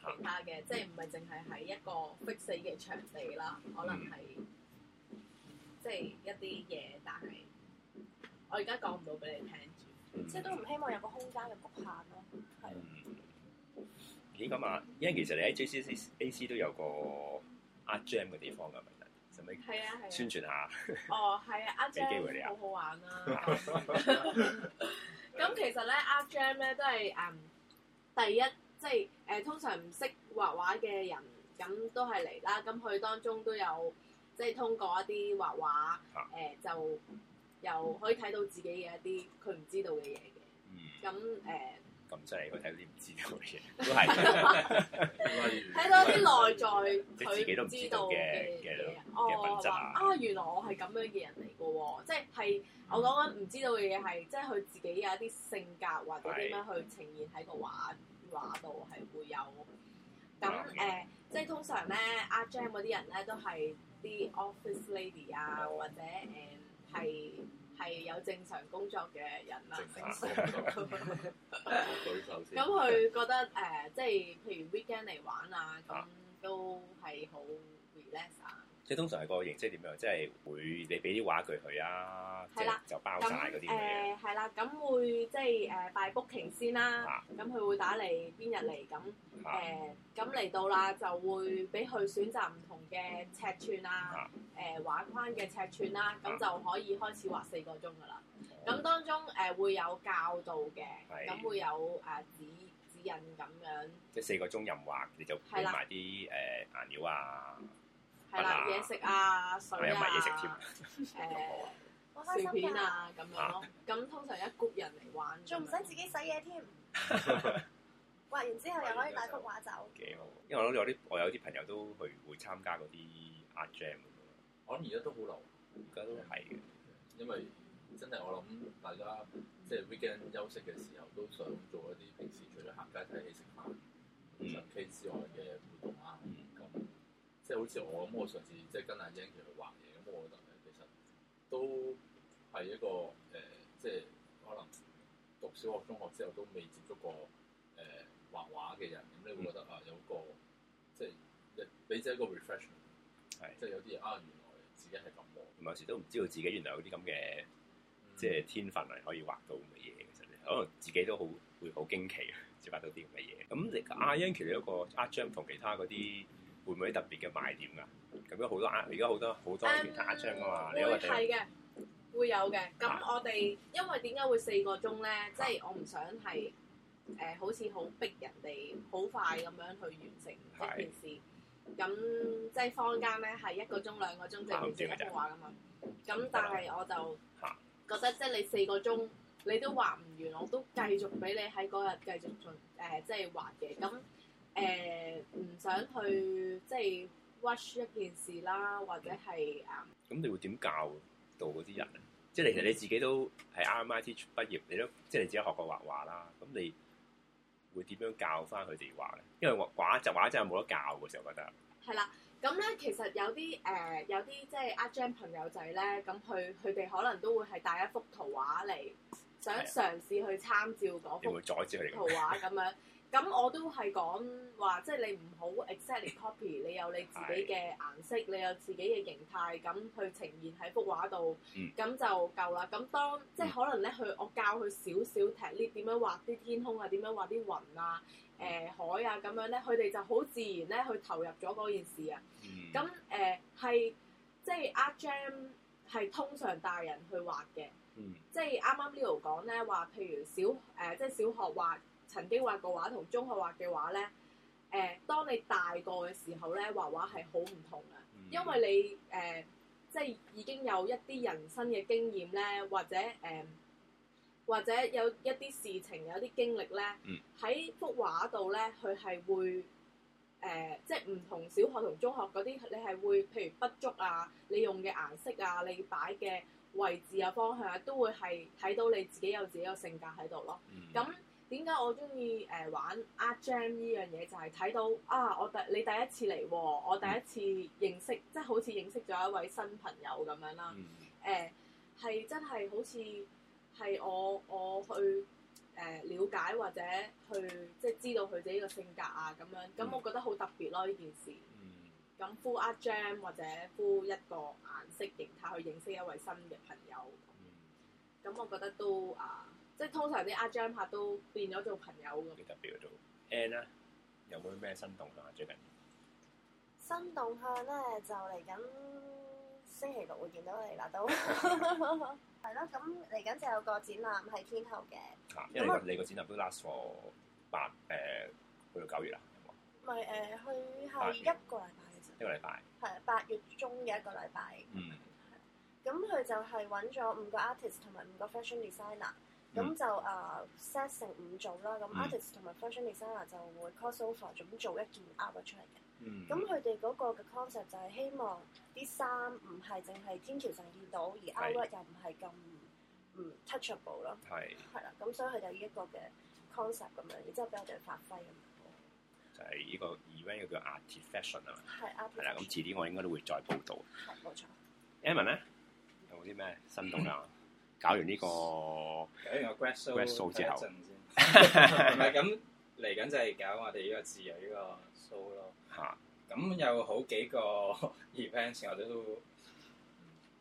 其他嘅，啊、即係唔係淨係喺一個 fix 嘅場地啦，可能係、嗯、即係一啲嘢，但係我而家講唔到俾你聽住，嗯、即係都唔希望有個空間嘅局限咯、啊。係。咦咁啊，因為其實你喺 JCCAC 都有個 art jam 嘅地方㗎。係啊係啊！宣傳下。 (laughs) 哦，係啊，Art Jam 好好玩啊。咁 (laughs) (laughs) (laughs) 其實咧，Art Jam 咧都係誒、嗯、第一，即係誒、呃、通常唔識畫畫嘅人咁都係嚟啦。咁佢當中都有即係通過一啲畫畫誒、呃，就又可以睇到自己嘅一啲佢唔知道嘅嘢嘅。嗯。咁、呃、誒。咁犀利我睇到啲唔知道嘅嘢，係睇到一啲內在佢 (laughs) 唔知道嘅嘅咯嘅品啊、哦，原來我係咁樣嘅人嚟噶喎！ (music) 即係我講緊唔知道嘅嘢，係 (music) 即係佢自己有一啲性格或者點樣去呈現喺個畫畫度，係會有。咁誒，即係通常咧 Art Jam 嗰啲人咧都係啲 office lady 啊， (music) 或者誒係。呃係有正常工作嘅人啦，正常咁佢覺得誒，uh, 即係譬如 weekend 嚟玩啊，咁都係好 relax 啊。啊 (laughs) 即係通常係個形式點樣？即係會你俾啲畫具佢啊，即係就包晒嗰啲嘅嘢。誒係啦，咁會即係誒拜 booking 先啦。咁佢會打嚟邊日嚟？咁誒咁嚟到啦，就會俾佢選擇唔同嘅尺寸啊，誒畫框嘅尺寸啦。咁就可以開始畫四個鐘噶啦。咁當中誒會有教導嘅，咁會有誒指指引咁樣。即係四個鐘任畫，你就俾埋啲誒顏料啊。係啦，嘢食啊，水啊，誒，好開心啊咁樣咯。咁通常一 group 人嚟玩仲唔使自己洗嘢添？畫完之後又可以帶幅畫走。幾好，因為我諗我啲我有啲朋友都去會參加嗰啲 art jam。我諗而家都好流。而家都係嘅，因為真係我諗大家即係 weekend 休息嘅時候都想做一啲平時除咗行街睇戲食飯、唱 K 之外嘅活動啊。即係好似我咁，我上次即係跟阿 Yen 佢去畫嘢，咁我覺得呢其實都係一個誒、呃，即係可能讀小學、中學之後都未接觸過誒、呃、畫畫嘅人，咁你會覺得啊，有個即係俾咗一個 refreshment，即係 ref 是有啲啊原來自己係咁喎。有時都唔知道自己原來有啲咁嘅即係天分嚟可以畫到嘅嘢，其實可能自己都好會好驚奇，接觸到啲咁嘅嘢。咁阿 Yen 其實一個 Art Jam 同其他嗰啲。嗯嗯嗯會唔會特別嘅賣點㗎？咁樣好多，而家好多好多其他一張嘅嘛。Um, 你有會係嘅，有的會有嘅。咁、啊、我哋因為點解會四個鐘咧？即係、啊、我唔想係誒、呃，好似好逼人哋好快咁樣去完成一件事。咁是即係坊間咧係一個鐘兩個鐘就完成一幅畫㗎嘛。咁、啊、但係我就覺得、啊、即係你四個鐘你都畫唔完，我都繼續俾你喺嗰日繼續進誒、呃呃，即係畫嘅。咁、嗯誒唔、嗯嗯、想去、嗯、即係 wash 一件事啦，或者係啊。咁、嗯嗯、你會點教到嗰啲人咧？嗯、即係其實你自己都喺 RMIT 畢業，你都即係你自己學過畫畫啦。咁你會點樣教翻佢哋畫咧？因為畫畫就畫真係冇得教嘅，就覺得。係啦，咁咧其實有啲誒、呃、有啲即係 Art Jam 朋友仔咧，咁佢佢哋可能都會係帶一幅圖畫嚟，想嘗試去參照嗰幅圖畫咁樣。 (laughs) 咁我都係講話，即係你唔好 exactly copy，你有你自己嘅顏色， (laughs) 你有自己嘅形態，咁去呈現喺幅畫度，咁、嗯、就夠啦。咁當即係可能咧，佢我教佢少少 technique 點樣畫啲天空啊，點樣畫啲雲啊，誒海啊咁樣咧，佢哋就好自然咧去投入咗嗰件事啊。咁誒係即係 art jam 係通常大人去畫嘅，嗯、即係啱啱 Leo 講咧話，譬如小誒、呃、即係小學畫。曾經畫過畫同中學畫嘅畫咧，誒、呃，當你大個嘅時候咧，畫畫係好唔同嘅，因為你誒、呃，即係已經有一啲人生嘅經驗咧，或者誒、呃，或者有一啲事情、有啲經歷咧，喺、嗯、幅畫度咧，佢係會誒、呃，即係唔同小學同中學嗰啲，你係會譬如筆觸啊，你用嘅顏色啊，你擺嘅位置啊、方向啊，都會係睇到你自己有自己嘅性格喺度咯，咁、嗯。點解我中意誒玩 Art Jam 呢樣嘢？就係、是、睇到啊，我第你第一次嚟喎，我第一次認識，即、就、係、是、好似認識咗一位新朋友咁樣啦。誒、呃，係真係好似係我我去誒了解或者去即係、就是、知道佢自己個性格啊咁樣。咁我覺得好特別咯、啊、呢件事。咁 full Art Jam 或者 full 一個顏色形態去認識一位新嘅朋友，咁、嗯嗯、我覺得都啊～、呃即係通常啲阿 Jam 客都變咗做朋友特別都。And 呢有冇咩新動向啊？最近新動向咧就嚟緊星期六會見到你啦，都係咯。咁嚟緊就有個展覽係天后嘅、啊。因為你個那展覽都 last for 八誒去到九月啦，係咪？唔係誒，去、呃、係一個禮拜其實一個禮拜係八月中嘅一個禮拜。嗯，咁佢、 (laughs) 嗯、就係揾咗五個 artist 同埋五個 fashion designer。咁、嗯、就誒 set、uh, 成五組啦，咁 artist 同埋 fashion designer 就會 crossover，做咁做一件 outfit 出嚟嘅。咁佢哋嗰個嘅 concept 就係希望啲衫唔係淨係天橋上見到，而 outfit 又唔係咁唔 touchable 咯。係、um, 是。係啦，咁所以佢就呢一個嘅 concept 咁樣，然之後俾我哋發揮咁樣。就係呢個 event 叫做 Art Fashion 啊嘛。係。係啦，咁遲啲我應該都會再報道。係，冇錯。Evan 咧，有冇啲咩新動向？ (laughs) 搞完呢、這個，搞完個 grad show, grad show 之後，唔係咁嚟緊就係搞我哋呢個自由呢個 show 咯。嚇，咁有好幾個 event 我哋都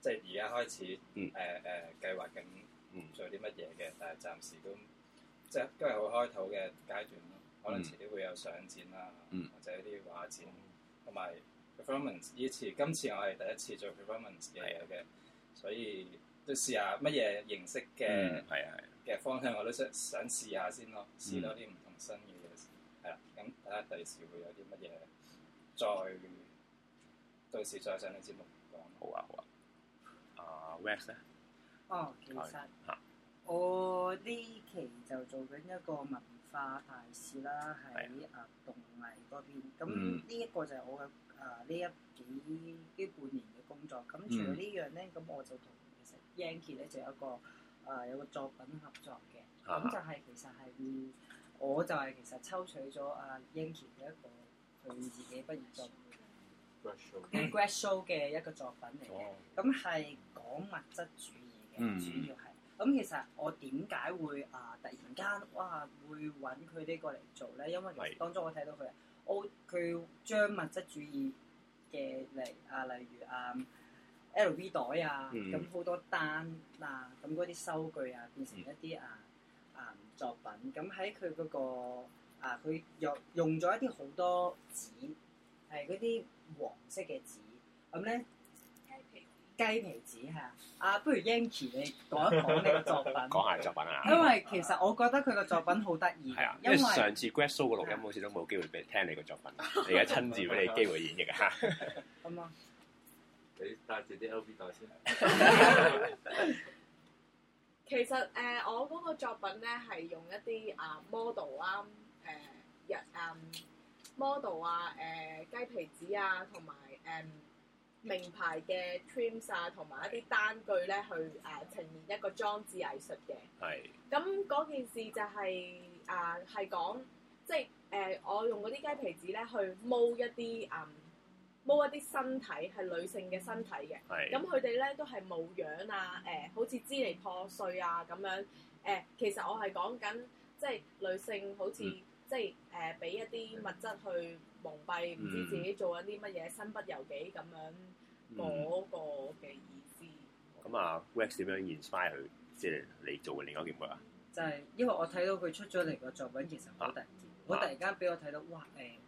即係而家開始，誒、呃、誒、呃、計劃緊，做啲乜嘢嘅，但係暫時都即係都係好開頭嘅階段咯。可能遲啲會有上展啦、啊，嗯、或者有啲畫展，同埋 performance 以。以前今次我係第一次做 performance 嘅嘢嘅，所以。就試下乜嘢形式嘅嘅、嗯、方向，我都試想想試下先咯，試多啲唔同新嘅嘢先。係啦，咁睇下第時會有啲乜嘢再第時再，再上嚟節目講。好啊，好啊。啊、uh，West 咧？哦，其實對我呢期就做緊一個文化大使啦，喺的啊動藝嗰邊。咁呢一個就係我嘅啊呢一幾呢半年嘅工作。咁除咗呢樣咧，咁我就 Yankee 咧就有一個誒、呃、有個作品合作嘅，咁、嗯、就係、是、其實係會，我就係其實抽取咗阿、啊、Yankee 嘅一個佢自己畢業做嘅，grad show 嘅一個作品嚟嘅，咁係講物質主義嘅，主要係，咁、mm. 嗯、其實我點解會啊突然間哇會揾佢呢個嚟做咧？因為其實當中我睇到佢，是我佢將物質主義嘅嚟啊，例如啊。LV 袋啊，咁好、嗯、多單啊，咁嗰啲收據啊，變成一啲啊啊、嗯、作品。咁喺佢嗰個啊，佢用用咗一啲好多紙，係嗰啲黃色嘅紙。咁咧雞皮雞皮紙嚇、啊。啊，不如 Yancy 你講一講你個作品。 (laughs) 講下作品啊。因為其實我覺得佢個作品好得意。係啊，因為上次 grass show 個錄音好似都冇機會俾你聽你個作品， (laughs) 對你而家親自俾你機會演繹 (laughs) (laughs) 啊。咁啊。你帶住啲 LV 袋先。 (laughs) (laughs) 其實誒、呃，我嗰個作品咧係用一啲、呃、mod 啊 model 啊誒日嗯 model 啊誒雞皮紙啊同埋誒名牌嘅 trims 啊，同埋一啲單據咧去誒、呃、呈現一個裝置藝術嘅。係的。咁嗰件事就係、是、啊，係講即係誒，我用嗰啲雞皮紙咧去毛一啲嗯。呃摸一啲身體係女性嘅身體嘅，咁佢哋咧都係冇樣啊，誒、呃、好似支離破碎啊咁樣，誒、呃、其實我係講緊即係女性好似、嗯、即係誒俾一啲物質去蒙蔽，唔知自己做緊啲乜嘢，身不由己咁樣嗰、嗯、個嘅意思。咁、嗯、啊，Wax 點樣 inspire 佢即係你做嘅另外一件嘢啊？就係因為我睇到佢出咗嚟個作品其實好特別。啊、我突然間俾我睇到，哇誒！欸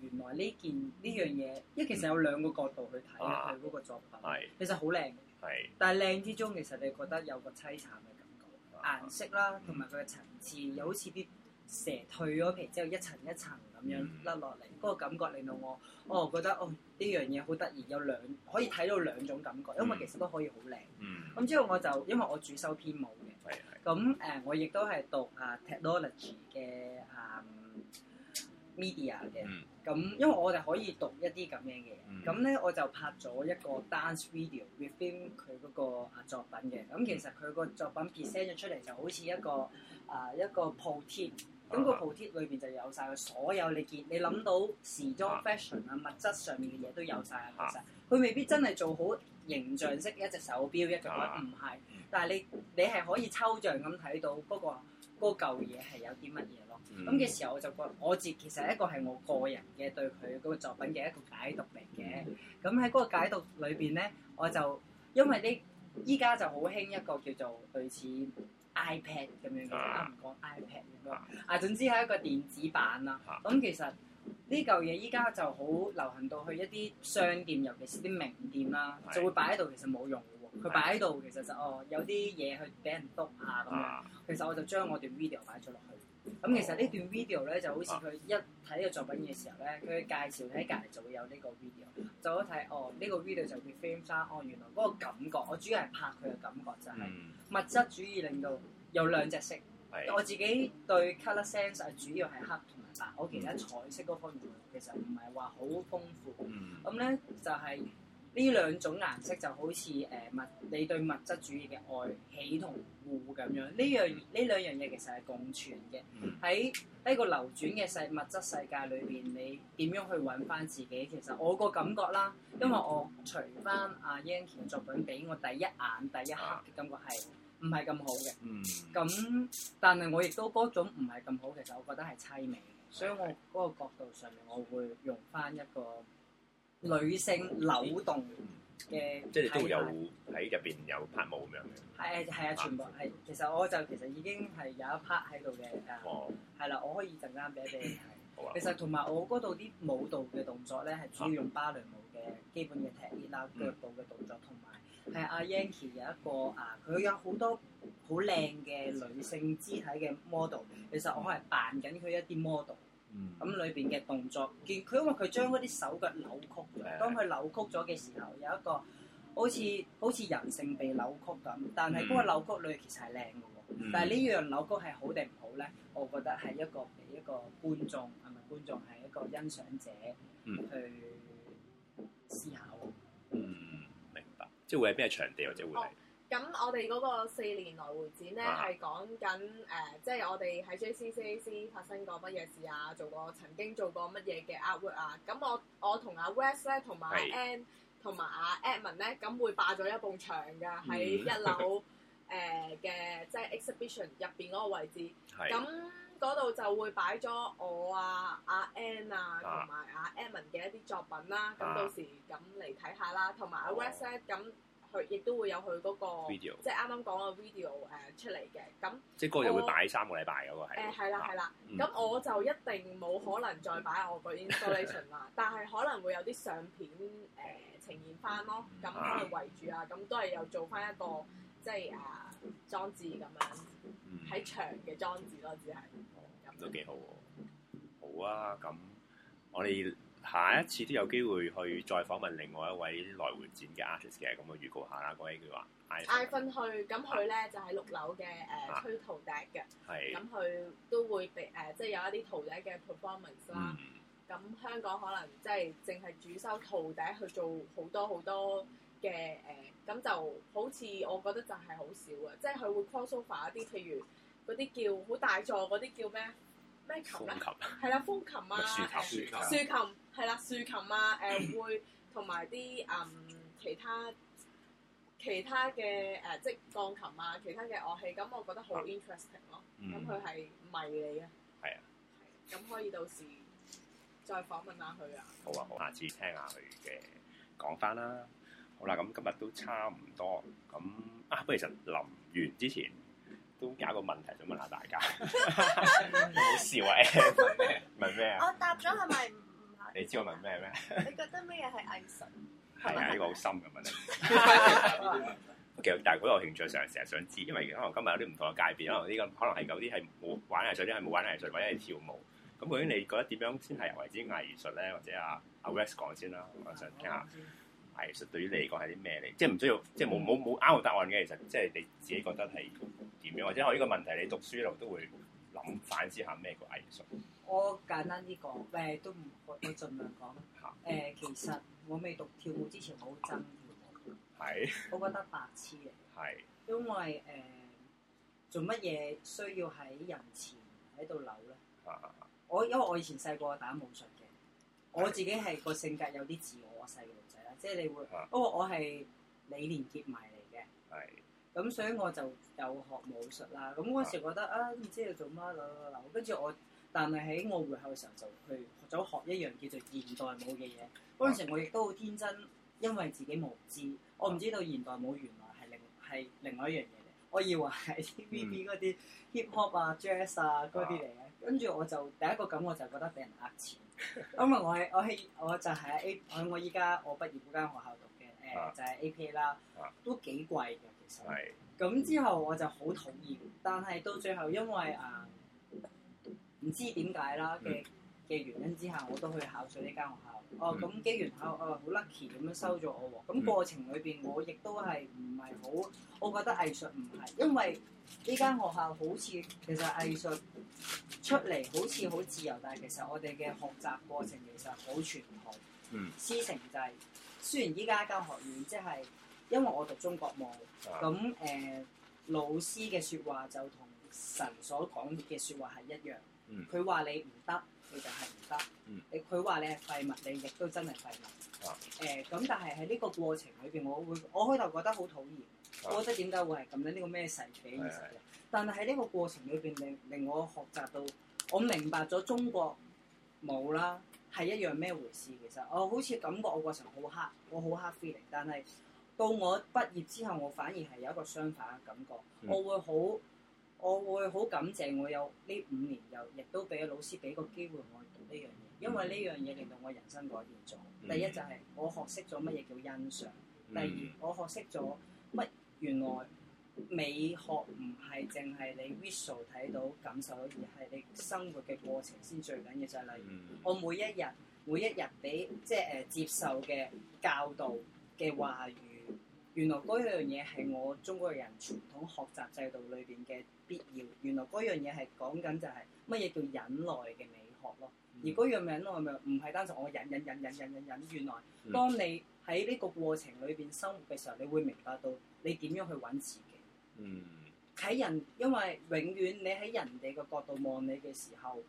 原來呢件呢樣嘢，mm. иче, 因為其實有兩個角度去睇佢嗰個作品，mm. 其實好靚。係，Yes. 但係靚之中其實你覺得有個凄慘嘅感覺，顏、oh. 色啦，同埋佢嘅層次，又好似啲蛇褪咗皮之後一層一層咁樣甩落嚟，嗰、mm. 個感覺令到我，我、哦、覺得哦呢樣嘢好得意，有兩可以睇到兩種感覺，因為其實都可以好靚。咁之、mm. mm. 後我就因為我主修編舞嘅，係咁誒，我亦都係讀 technology 嘅誒。Mm. media 嘅，咁、嗯、因為我哋可以讀一啲咁樣嘅嘢，咁咧、嗯、我就拍咗一個 dance video within 佢嗰個啊作品嘅，咁其實佢個作品 present 咗出嚟就好似一個啊一個 po 貼，咁、啊、個 po 貼裏邊就有晒佢所有、啊、你見你諗到時裝、啊 fashion 啊物質上面嘅嘢都有曬，其實佢未必真係做好形象式一隻手錶一種，唔係、啊，但係你你係可以抽象咁睇到，不過。嗰舊嘢係有啲乜嘢咯？咁嘅時候我就覺我自其實一個係我個人嘅對佢個作品嘅一個解讀嚟嘅。咁喺個解讀裏邊咧，我就因為呢依家就好興一個叫做類似 iPad 咁樣嘅，我唔講 iPad 咁樣。啊，啊總之係一個電子版啦、啊。咁、啊、其實呢舊嘢依家就好流行到去一啲商店，尤其是啲名店啦、啊，的就會擺喺度，其實冇用嘅。佢擺喺度，其實就是、哦，有啲嘢去俾人督下咁樣。啊、其實我就將我段 video 擺咗落去。咁、啊、其實段呢段 video 咧就好似佢一睇呢個作品嘅時候咧，佢、啊、介紹喺隔籬就會有呢個 video，就好睇哦。呢、呢個 video 就叫 film 三，哦原來嗰個感覺，我主要係拍佢嘅感覺就係、是嗯、物質主義令到有兩隻色。嗯、我自己對 color sense 係主要係黑同埋白，嗯、我其他彩色嗰方面其實唔係話好豐富。咁咧、嗯嗯嗯、就係、是。呢兩種顏色就好似誒物，你對物質主義嘅愛喜同惡咁樣，呢樣呢兩樣嘢其實係共存嘅。喺呢、mm hmm. 個流轉嘅世物質世界裏邊，你點樣去揾翻自己？其實我個感覺啦，因為我除翻阿 Yank 嘅作品，俾我第一眼第一刻嘅感覺係唔係咁好嘅。咁、mm hmm. 但係我亦都嗰種唔係咁好，其實我覺得係凄美。所以我嗰、那個角度上面，我會用翻一個。女性扭動嘅，即係都有喺入邊有拍舞咁樣嘅。係係啊，全部係其實我就其實已經係有一 part 喺度嘅啊，係啦、哦，我可以陣間俾俾你睇。哦、其實同埋我嗰度啲舞蹈嘅動作咧，係主要用芭蕾舞嘅基本嘅踢腿啦、腳步嘅動作，同埋係阿 Yancy 有一個啊，佢有好多好靚嘅女性肢體嘅 model，、嗯嗯、其實我係扮緊佢一啲 model。咁、嗯、裏邊嘅動作，見佢因為佢將嗰啲手腳扭曲咗，的當佢扭曲咗嘅時候，有一個好似、嗯、好似人性被扭曲咁，但係嗰個扭曲裏其實係靚嘅，嗯、但係呢樣扭曲係好定唔好咧？我覺得係一個畀一個觀眾係咪？是是觀眾係一個欣賞者去思考。嗯，明白，即係會喺邊個場地或者會喺？咁我哋嗰個四年來回展咧，係講緊誒，即係我哋喺 JCCAC 發生過乜嘢事啊，做過曾經做過乜嘢嘅 artwork 啊。咁我我同阿 West 咧，同埋 Ann，同埋阿 Edmond 咧，咁會霸咗一埲牆噶，喺一樓誒嘅即係 exhibition 入邊嗰個位置。咁嗰度就會擺咗我啊、阿 Ann 啊同埋阿 Edmond 嘅一啲作品啦。咁到時咁嚟睇下啦，同埋阿 West 咧咁。亦都會有佢、那、嗰個 video，即係啱啱講 video,、呃、個 video 誒出嚟嘅，咁即係個又會擺三個禮拜嘅喎，係誒係啦係啦，咁我，、呃、我就一定冇可能再擺我個 installation 啦， (laughs) 但係可能會有啲相片誒、呃呃、呈現翻咯，咁去圍住啊，咁都係又做翻一個即係啊裝置咁樣喺場嘅裝置咯，只係咁都幾好喎，好啊，咁我哋。下一次都有機會去再訪問另外一位來回展嘅 artist 嘅，咁我預告下啦，嗰位叫話艾芬去，咁佢咧就喺六樓嘅誒、呃、吹陶笛嘅，咁佢、啊、都會俾誒即係有一啲陶笛嘅 performance 啦。咁、嗯、香港可能即係淨係主修陶笛去做好多好多嘅誒，咁、呃、就好似我覺得就係好少嘅，即係佢會 crossover 一啲，譬如啲叫好大座啲叫咩咩琴咧？係啦，風琴啊，豎琴、啊。係啦，豎琴啊，誒 unsafe problem、嗯、會同埋啲嗯其他其他嘅誒，即係鋼琴啊，其他嘅樂器，咁我覺得好 interesting 咯。咁佢係迷你是啊。係啊。咁可以到時再訪問下佢啊。好啊，好。下次聽下佢嘅講翻啦。好啦，咁今日都差唔多。咁啊，不如其實臨完之前都搞個問題想問下大家，好， (laughs) (laughs) 笑啊！問咩啊？我答咗係咪？你知我問咩咩？你覺得咩嘢係藝術？係啊， (laughs) 呢個好深嘅問題。其實，但係嗰個興趣成日成日想知，因為可能今日有啲唔同嘅界別，可能呢個可能係有啲係冇玩藝術，啲係冇玩藝術，或者係跳舞。咁究竟你覺得點樣先係為之藝術咧？或者阿阿 West 講先啦，我想聽下藝術對於你嚟講係啲咩嚟？即係唔需要，即係冇冇冇啱我答案嘅。其實，即係你自己覺得係點樣？或者我呢個問題，你讀書一路都會。諗反思下咩個藝術？我簡單啲講，誒、呃、都唔，我盡量講。嚇！誒、 (coughs) 呃、其實我未讀跳舞之前我好憎跳舞嘅。係。 (coughs) 我覺得白痴嚟嘅。係。 (coughs) (coughs) 因為誒、呃、做乜嘢需要喺人前喺度扭咧？ (coughs) 我因為我以前細個打武術嘅，我自己係個性格有啲自我嘅細路仔啦，即係、就是、你會，不過 (coughs) 我係李連杰迷嚟嘅。係。咁所以我就有學武術啦，咁嗰時覺得啊，唔知要做乜啦，跟住我，但係喺我會考嘅時候就去咗學，學一樣叫做現代舞嘅嘢。嗰陣、啊、時我亦都好天真，因為自己無知，我唔知道現代舞原來係另係另外一樣嘢，我以為係 TVB 嗰啲 hip hop 啊、jazz 啊嗰啲嚟嘅。跟住、啊、我就第一個感覺就覺得俾人呃錢，咁我係我係我就係喺我依家我畢業嗰間學校。誒就係 APA 啦、啊，都幾貴嘅其實。係是。咁之後我就好討厭，但係到最後因為誒唔、啊、知點解啦嘅嘅、嗯、原因之下，我都去考咗呢間學校。哦、嗯，咁、啊、機緣好，哦好 lucky 咁樣收咗我喎。咁過程裏邊我亦都係唔係好，我覺得藝術唔係，因為呢間學校好似其實藝術出嚟好似好自由，但係其實我哋嘅學習過程其實好傳統，嗯，師承制。雖然依家教學院即係，因為我讀中國舞，咁誒、啊呃、老師嘅説話就同神所講嘅説話係一樣，佢話、嗯、你唔得，就嗯、你就係唔得。誒佢話你係廢物，你亦都真係廢物。誒咁、啊呃，但係喺呢個過程裏邊，我會我開頭覺得好討厭，啊、我覺得點解會係咁樣呢、呢個咩神紀現嘅？的但係喺呢個過程裏邊，令令我學習到，我明白咗中國舞啦。係一樣咩回事？其實，我好似感覺我個過程好黑，我好黑 feeling。但係到我畢業之後，我反而係有一個相反嘅感覺。Mm. 我會好，我會好感謝我有呢五年，又亦都俾老師俾個機會我讀呢樣嘢，mm. 因為呢樣嘢令到我人生改變咗。第一就係我學識咗乜嘢叫欣賞。第二，我學識咗乜原來。美學唔係淨係你 visual 睇到、感受到，而係你生活嘅過程先最緊要。就係例如我每一日每一日俾即係誒接受嘅教導嘅話語，原來嗰樣嘢係我中國人傳統學習制度裏邊嘅必要。原來嗰樣嘢係講緊就係乜嘢叫忍耐嘅美學咯。而嗰樣忍耐咪唔係單純我忍、忍、忍、忍、忍、忍、忍，原來當你喺呢個過程裏邊生活嘅時候，你會明白到你點樣去揾自己。嗯，喺人，因為永遠你喺人哋嘅角度望你嘅時候，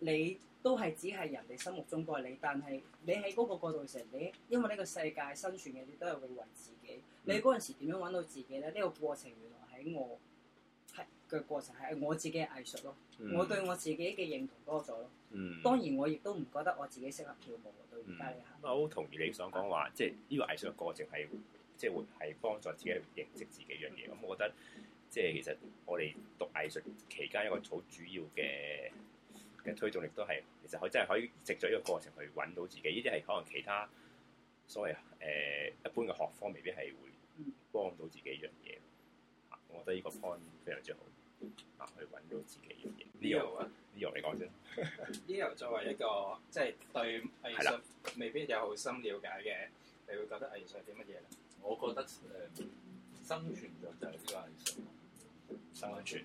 你都係只係人哋心目中個你。但係你喺嗰個角度成，你因為呢個世界生存嘅你都係會為自己。你嗰陣時點樣揾到自己咧？呢、這個過程原來喺我係嘅、這個、過程係我自己嘅藝術咯。嗯、我對我自己嘅認同多咗咯。嗯、當然我亦都唔覺得我自己適合跳舞啊。唔？而家你我好同意你想講話，嗯、即係呢、這個藝術嘅過程係。即係會係幫助自己去認識自己一樣嘢。咁、嗯、我覺得，即係其實我哋讀藝術期間一個好主要嘅嘅推動力都係其實可真係可以藉咗呢個過程去揾到自己。呢啲係可能其他所謂誒、呃、一般嘅學科未必係會幫到自己一樣嘢。我覺得呢個 point 非常之好，啊，去揾到自己一樣嘢。Leo 啊，Leo 嚟講先。呢 (laughs) Leo 作為一個即係、就是、對藝術未必有好深了解嘅，你會覺得藝術係啲乜嘢咧？我覺得誒、呃、生存就係一個藝術，生存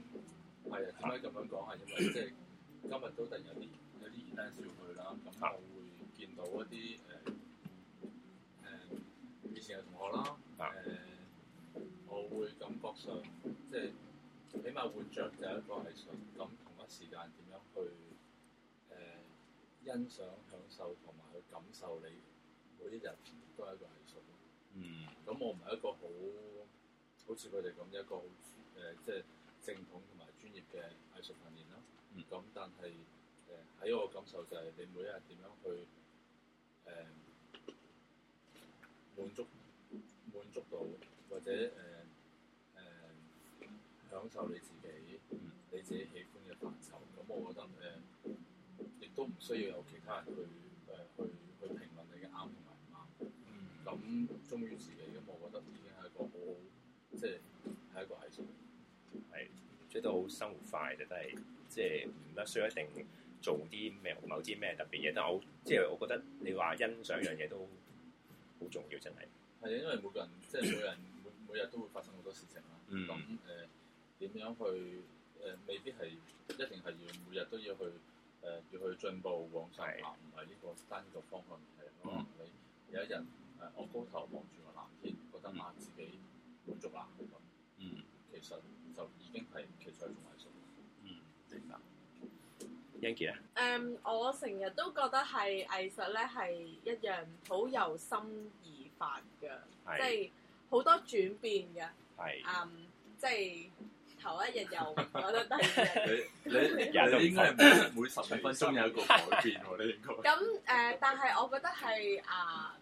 係啊。點解咁樣講係因為即係 (coughs) 今日都突然有啲有啲 email 啦，咁、啊、我會見到一啲誒誒以前嘅同學啦。誒、啊呃，我會感覺上即係、就是、起碼活着就係一個藝術。咁同一時間點樣去誒欣賞、享受同埋去感受你每一日都係一個藝術。嗯，咁我唔係一個好，好似佢哋咁一個好誒，即、呃、係、就是、正統同埋專業嘅藝術訓練啦。嗯，咁但係誒，喺、呃、我感受就係、是、你每一日點樣去誒滿、呃、足滿足到或者誒誒、呃呃、享受你自己、嗯、你自己喜歡嘅範疇。咁我覺得誒、呃，亦都唔需要有其他人去。咁忠於自己咁，我覺得已經係一個好，即係係一個藝術嚟，即係都好生活快嘅，都係即係唔得。需要一定做啲咩某啲咩特別嘢。但係我即係我覺得你話欣賞樣嘢都好重要，真係係因為每個人即係每人每每日都會發生好多事情啦。咁誒點樣去誒、呃？未必係一定係要每日都要去誒、呃、要去進步往世，唔係呢個單一個方向嚟嘅。嗯，你有一日，我高頭望住個藍天，覺得啊自己滿足啦。嗯，其實就已經係其實係一種藝術。S mm. 嗯，明白。Thank y you . a、um, 我成日都覺得係藝術咧，係一樣好由心而發嘅，即係好多轉變嘅。係是，嗯、um, 就是，即係頭一日又唔覺得得意 (laughs) (laughs) 你你，你人應該每十五分鐘有一個改變喎， (laughs) 你應該咁誒。但係我覺得係啊。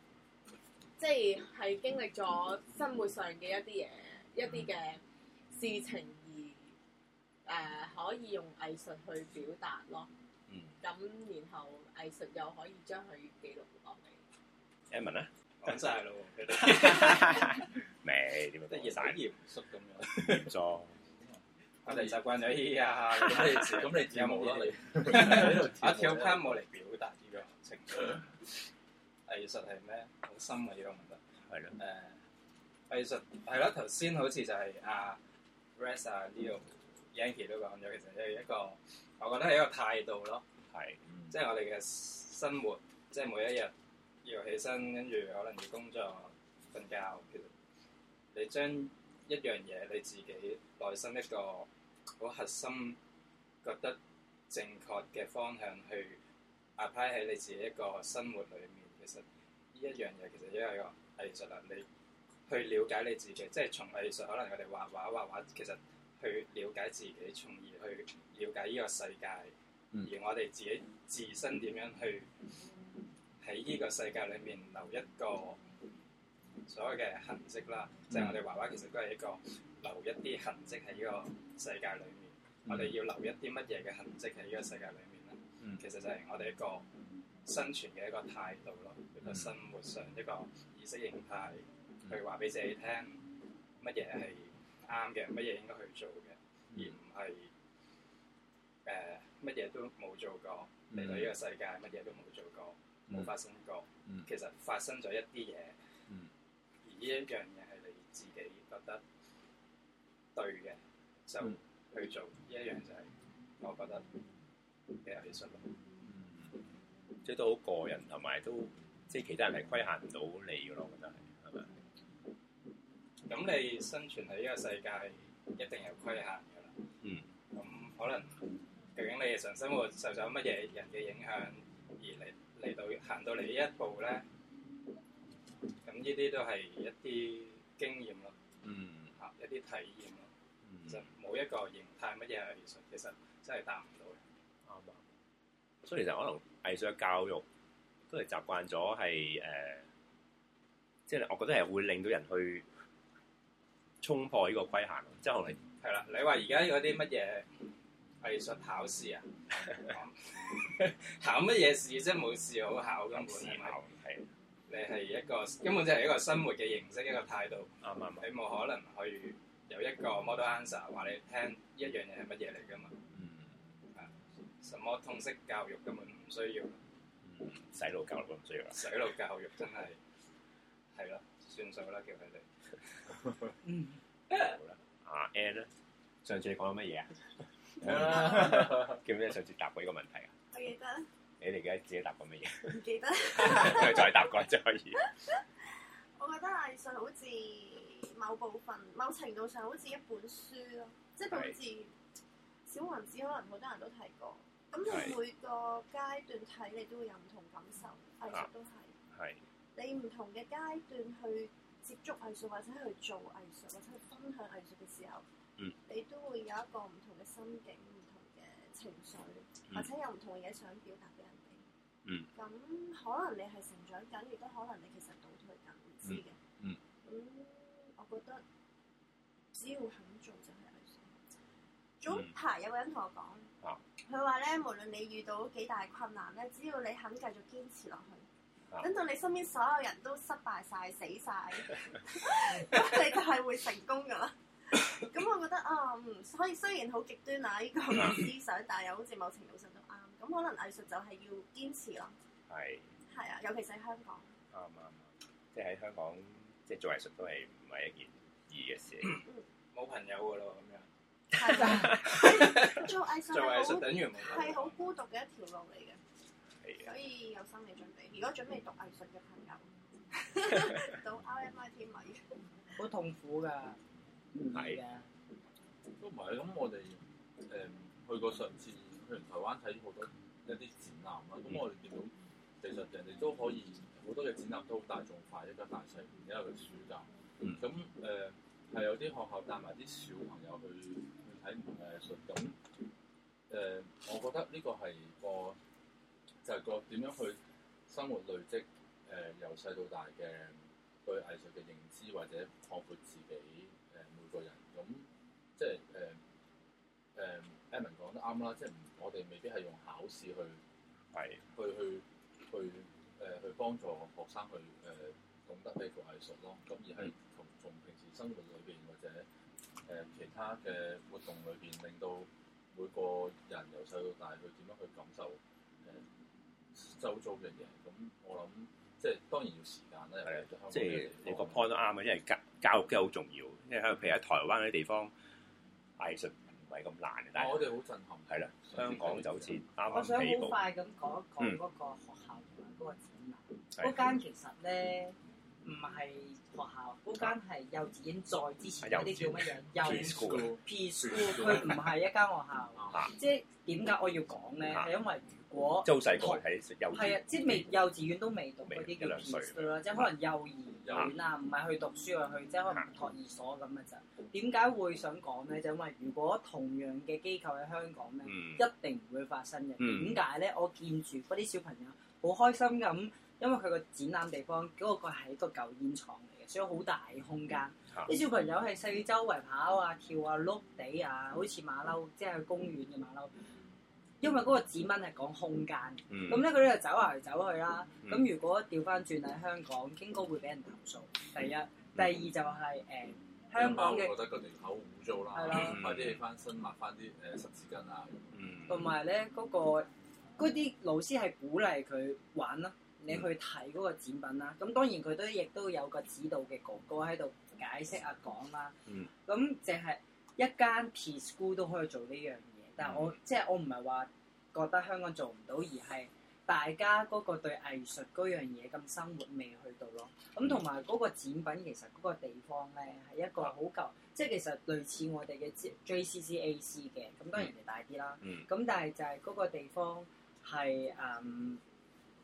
即係係經歷咗生活上嘅一啲嘢，一啲嘅事情而誒可以用藝術去表達咯。嗯。咁然後藝術又可以將佢記錄落嚟。Evan 咧，講晒咯喎。未點樣講？得越簡約、樸素咁樣。點裝？我哋習慣咗依啲啊，咁你咁你跳舞咯你。我跳翻舞嚟表達呢個情緒。藝術係咩？好深嘅呢、呢個問題，係咯。誒，藝術係啦，頭先的、呃、好似就係阿 Rasa、Leo Yankee 都講咗，其實係一個我覺得係一個態度咯，係的即係我哋嘅生活，即係每一日要起身，跟住可能要工作、瞓覺，其實你將一樣嘢，你自己內心一個好核心覺得正確嘅方向去 apply 喺你自己一個生活裏面。呢一樣嘢，其實因為個藝術啦，你去了解你自己，即係從藝術，可能我哋畫畫畫畫，其實去了解自己，從而去了解呢個世界，嗯、而我哋自己自身點樣去喺呢個世界裏面留一個所謂嘅痕迹啦，即係、嗯、我哋畫畫其實都係一個留一啲痕跡喺呢個世界裏面，嗯、我哋要留一啲乜嘢嘅痕跡喺呢個世界裏面咧，嗯、其實就係我哋一個。生存嘅一個態度咯，同埋生活上一個意識形態，去話俾自己聽乜嘢係啱嘅，乜嘢應該去做嘅，而唔係誒乜嘢都冇做過嚟到呢個世界，乜嘢都冇做過，冇發生過。嗯、其實發生咗一啲嘢，而呢一樣嘢係你自己覺得對嘅，就去做。呢一樣就係我覺得嘅藝術路。即係都好個人，同埋都即係其他人係規限唔到你嘅咯，我覺得係，係咪？咁你生存喺呢個世界一定有規限㗎啦。嗯。咁可能究竟你日常生活受咗乜嘢人嘅影響而嚟嚟到行到你呢一步咧？咁呢啲都係一啲經驗咯。嗯。一啲體驗咯。嗯。就冇一個形態乜嘢係理論，其實真係達唔到嘅。啱唔啱？所以其實可能藝術教育都係習慣咗係誒，即、呃、係、就是、我覺得係會令到人去衝破呢個規限。即係後嚟係啦，你話而家嗰啲乜嘢藝術考試啊， (laughs) (laughs) 考乜嘢試？即係冇試好考根本。考吧的你係一個根本就係一個生活嘅認識，一個態度。啱唔啱？你冇可能去有一個 model answer 話你聽一樣嘢係乜嘢嚟㗎嘛？什麼通識教育根本唔需要，洗腦教育都唔需要。洗腦教育真係係咯，算數啦，叫佢哋。好啦，阿 A 咧，上次你講咗乜嘢啊？叫咩？上次答過呢個問題啊？唔記得。你哋記得自己答過乜嘢？唔記得。再答過就可以。我覺得藝術好似某部分、某程度上好似一本書咯，即係本字。小王子，可能好多人都睇過。咁你、嗯、是每個階段睇你都會有唔同感受，藝術都係。係是。你唔同嘅階段去接觸藝術，或者去做藝術，或者去分享藝術嘅時候，嗯，你都會有一個唔同嘅心境、唔同嘅情緒，嗯、或者有唔同嘅嘢想表達俾人哋。嗯。咁可能你係成長緊，亦都可能你其實倒退緊，唔知嘅、嗯。嗯。咁、嗯、我覺得只要肯做就係藝術。早排有個人同我講。啊。佢話咧，無論你遇到幾大困難咧，只要你肯繼續堅持落去，等到你身邊所有人都失敗晒、死晒，咁你就係會成功噶啦。咁我覺得啊，嗯，所以雖然好極端啊，呢個思想，但係又好似某程度上都啱。咁可能藝術就係要堅持咯。係。係啊，尤其是喺香港。啱啱。即係喺香港，即係做藝術都係唔係一件易嘅事。冇朋友噶咯，咁樣。係啊， (laughs) 做藝術係好，係好孤獨嘅一條路嚟嘅，的所以有心理準備。如果準備讀藝術嘅朋友， (laughs) (laughs) 到 RMIT 咪好痛苦㗎，係啊的，都唔係。咁我哋誒、呃、去過上次去台灣睇好多一啲展覽啦。咁、mm hmm. 我哋見到其實人哋都可以好多嘅展覽都好大眾化，一個大細園，因為佢暑假。咁誒係有啲學校帶埋啲小朋友去。喺誒藝術咁誒、呃，我覺得呢個係個就係、是、個點樣去生活累積誒，由、呃、細到大嘅對藝術嘅認知或者擴闊自己誒、呃、每個人咁即係誒誒，Emman 講得啱啦，即係我哋未必係用考試去係的去去去誒、呃、去幫助學生去誒、呃、懂得呢個藝術咯，咁而係從從平時生活裏邊或者，誒其他嘅活動裏邊，令到每個人由細到大，佢點樣去感受誒、呃、周遭嘅嘢？咁我諗，即係當然要時間啦。係，即係你個 point 都啱啊，因為教教育幾好重要。因為喺譬如喺台灣啲地方，藝術唔係咁難嘅、哦。我哋好震撼。係啦但，的香港就似啱啱起步。我想好快咁講一講嗰個學校同埋嗰個展覽。嗰間、嗯、的其實咧。嗯唔係學校，嗰間係幼稚園再之前嗰啲叫乜嘢？幼稚園 p 佢唔係一間學校。即係點解我要講咧？係因為如果即係好細個喺啊，即係未幼稚園都未讀嗰啲叫 p r e 啦。即係可能幼兒園啊，唔係去讀書啊，去，即係可能托兒所咁嘅咋。點解會想講咧？就因為如果同樣嘅機構喺香港咧，一定唔會發生嘅。點解咧？我見住嗰啲小朋友好開心咁。因為佢個展覽地方，嗰個係一個舊煙廠嚟嘅，所以好大空間。啲、mm. 小朋友係四周圍跑啊、跳啊、碌地啊，好似馬騮，即、就、係、是、去公園嘅馬騮。Mm. 因為嗰個展蚊係講空間，咁咧佢哋就走嚟走去啦。咁、mm. 如果調翻轉喺香港，應該會俾人投訴。第一，mm. 第二就係、是、誒、呃、香港嘅，我覺得個入口污糟啦，啦 mm. 快啲起翻身，抹翻啲誒濕紙巾啊。同埋咧，嗰、嗯那個嗰啲老師係鼓勵佢玩啦。那個你去睇嗰個展品啦，咁當然佢都亦都有個指導嘅哥哥喺度解釋啊講啦。咁淨係一間 p s school 都可以做呢樣嘢，但係我、嗯、即係我唔係話覺得香港做唔到，而係大家嗰個對藝術嗰樣嘢咁生活未去到咯。咁同埋嗰個展品其實嗰個地方咧係一個好舊，嗯、即係其實類似我哋嘅 JCCAC 嘅，咁當然大、嗯嗯、就大啲啦。咁但係就係嗰個地方係嗯。Um,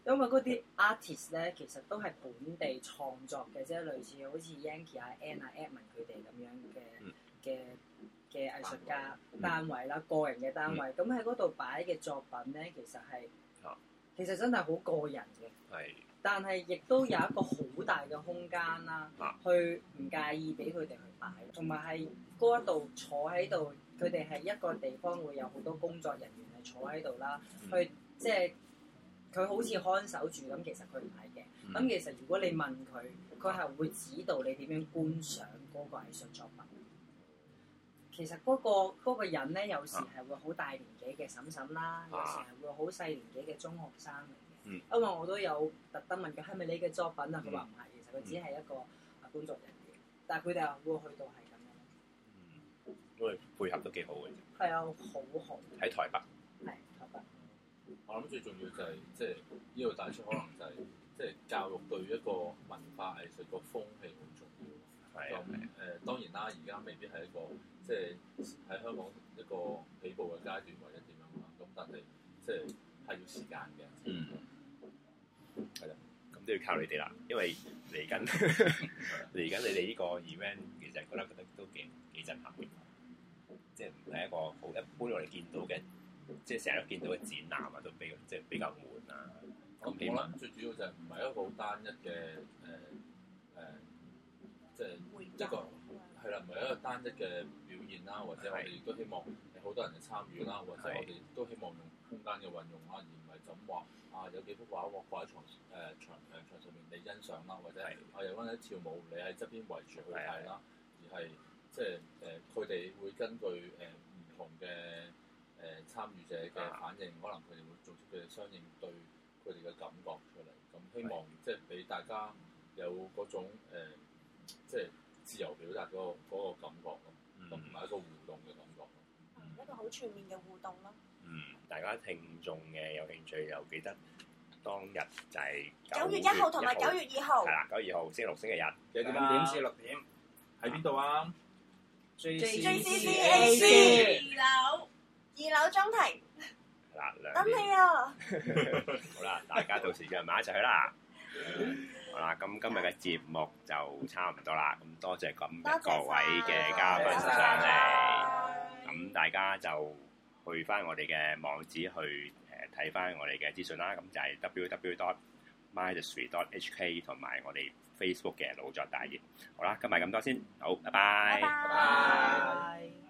因為嗰啲 artist 咧，其實都係本地創作嘅，即係類似好似 Yankie 啊、Anna、Edmond 佢哋咁樣嘅嘅嘅藝術家單位啦、個人嘅單位。咁喺嗰度擺嘅作品咧，其實係，其實真係好個人嘅。係。但係亦都有一個好大嘅空間啦，去唔介意俾佢哋去擺，同埋係嗰一度坐喺度，佢哋係一個地方會有好多工作人員係坐喺度啦，去即係。佢好似看守住咁，其實佢唔係嘅。咁、嗯、其實如果你問佢，佢係會指導你點樣觀賞嗰個藝術作品。其實嗰、那個那個人咧嗰個嗰個，有時係會好大年紀嘅嬸嬸啦，啊、有時係會好細年紀嘅中學生嚟嘅。嗯、因為我都有特登問佢係咪你嘅作品啊，佢話唔係，其實佢只係一個工作人員。但係佢哋又會去到係咁樣，會、嗯、配合都幾好嘅啫。係啊，好好。喺台北。係。我諗最重要就係、是，即係呢度帶出可能就係、是，即係教育對一個文化藝術個風氣好重要。係。咁誒，當然啦，而家未必係一個，即係喺香港一個起步嘅階段或者點樣啦。咁但係，即係係要時間嘅。嗯。係啦的，咁都要靠你哋啦，嗯、因為嚟緊嚟緊， (laughs) 你哋呢個 event 其實覺得覺得都幾幾震撼，即係唔係一個好一般我哋見到嘅。即係成日見到嘅展覽啊，都比即係比較悶啊。我覺得最主要就係唔係一個好單一嘅誒誒，即係一個係啦，唔係一個單一嘅、呃呃就是、表現啦，或者我哋都希望好多人去參與啦，或者我哋都希望用空間嘅運用啦，而唔係就咁話啊有幾幅畫我畫喺牀誒牆誒牆上面，你欣賞啦，或者我有人喺跳舞，你喺側邊圍住去睇啦，的而係即係誒佢哋會根據誒唔、呃、同嘅。誒參與者嘅反應，可能佢哋會做出佢哋相應對佢哋嘅感覺出嚟。咁希望即係俾大家有嗰種誒，即係自由表達嗰個嗰個感覺咯，同埋一個互動嘅感覺。一個好全面嘅互動咯。嗯，大家聽眾嘅有興趣又記得當日就係九月一號同埋九月二號。係啦，九月二號星期六、星期日。有咁點至六點喺邊度啊？JCCAC 二樓。二樓中庭，等你啊！好啦，大家到時就埋一齊去啦。好啦，咁今日嘅節目就差唔多啦。咁多謝咁嘅各位嘅嘉賓上嚟。咁大家就去翻我哋嘅網址去誒，睇翻我哋嘅資訊啦。咁就係 www.minus3.hk 同埋我哋 Facebook 嘅腦作大業。好啦，今日咁多先，好，拜拜。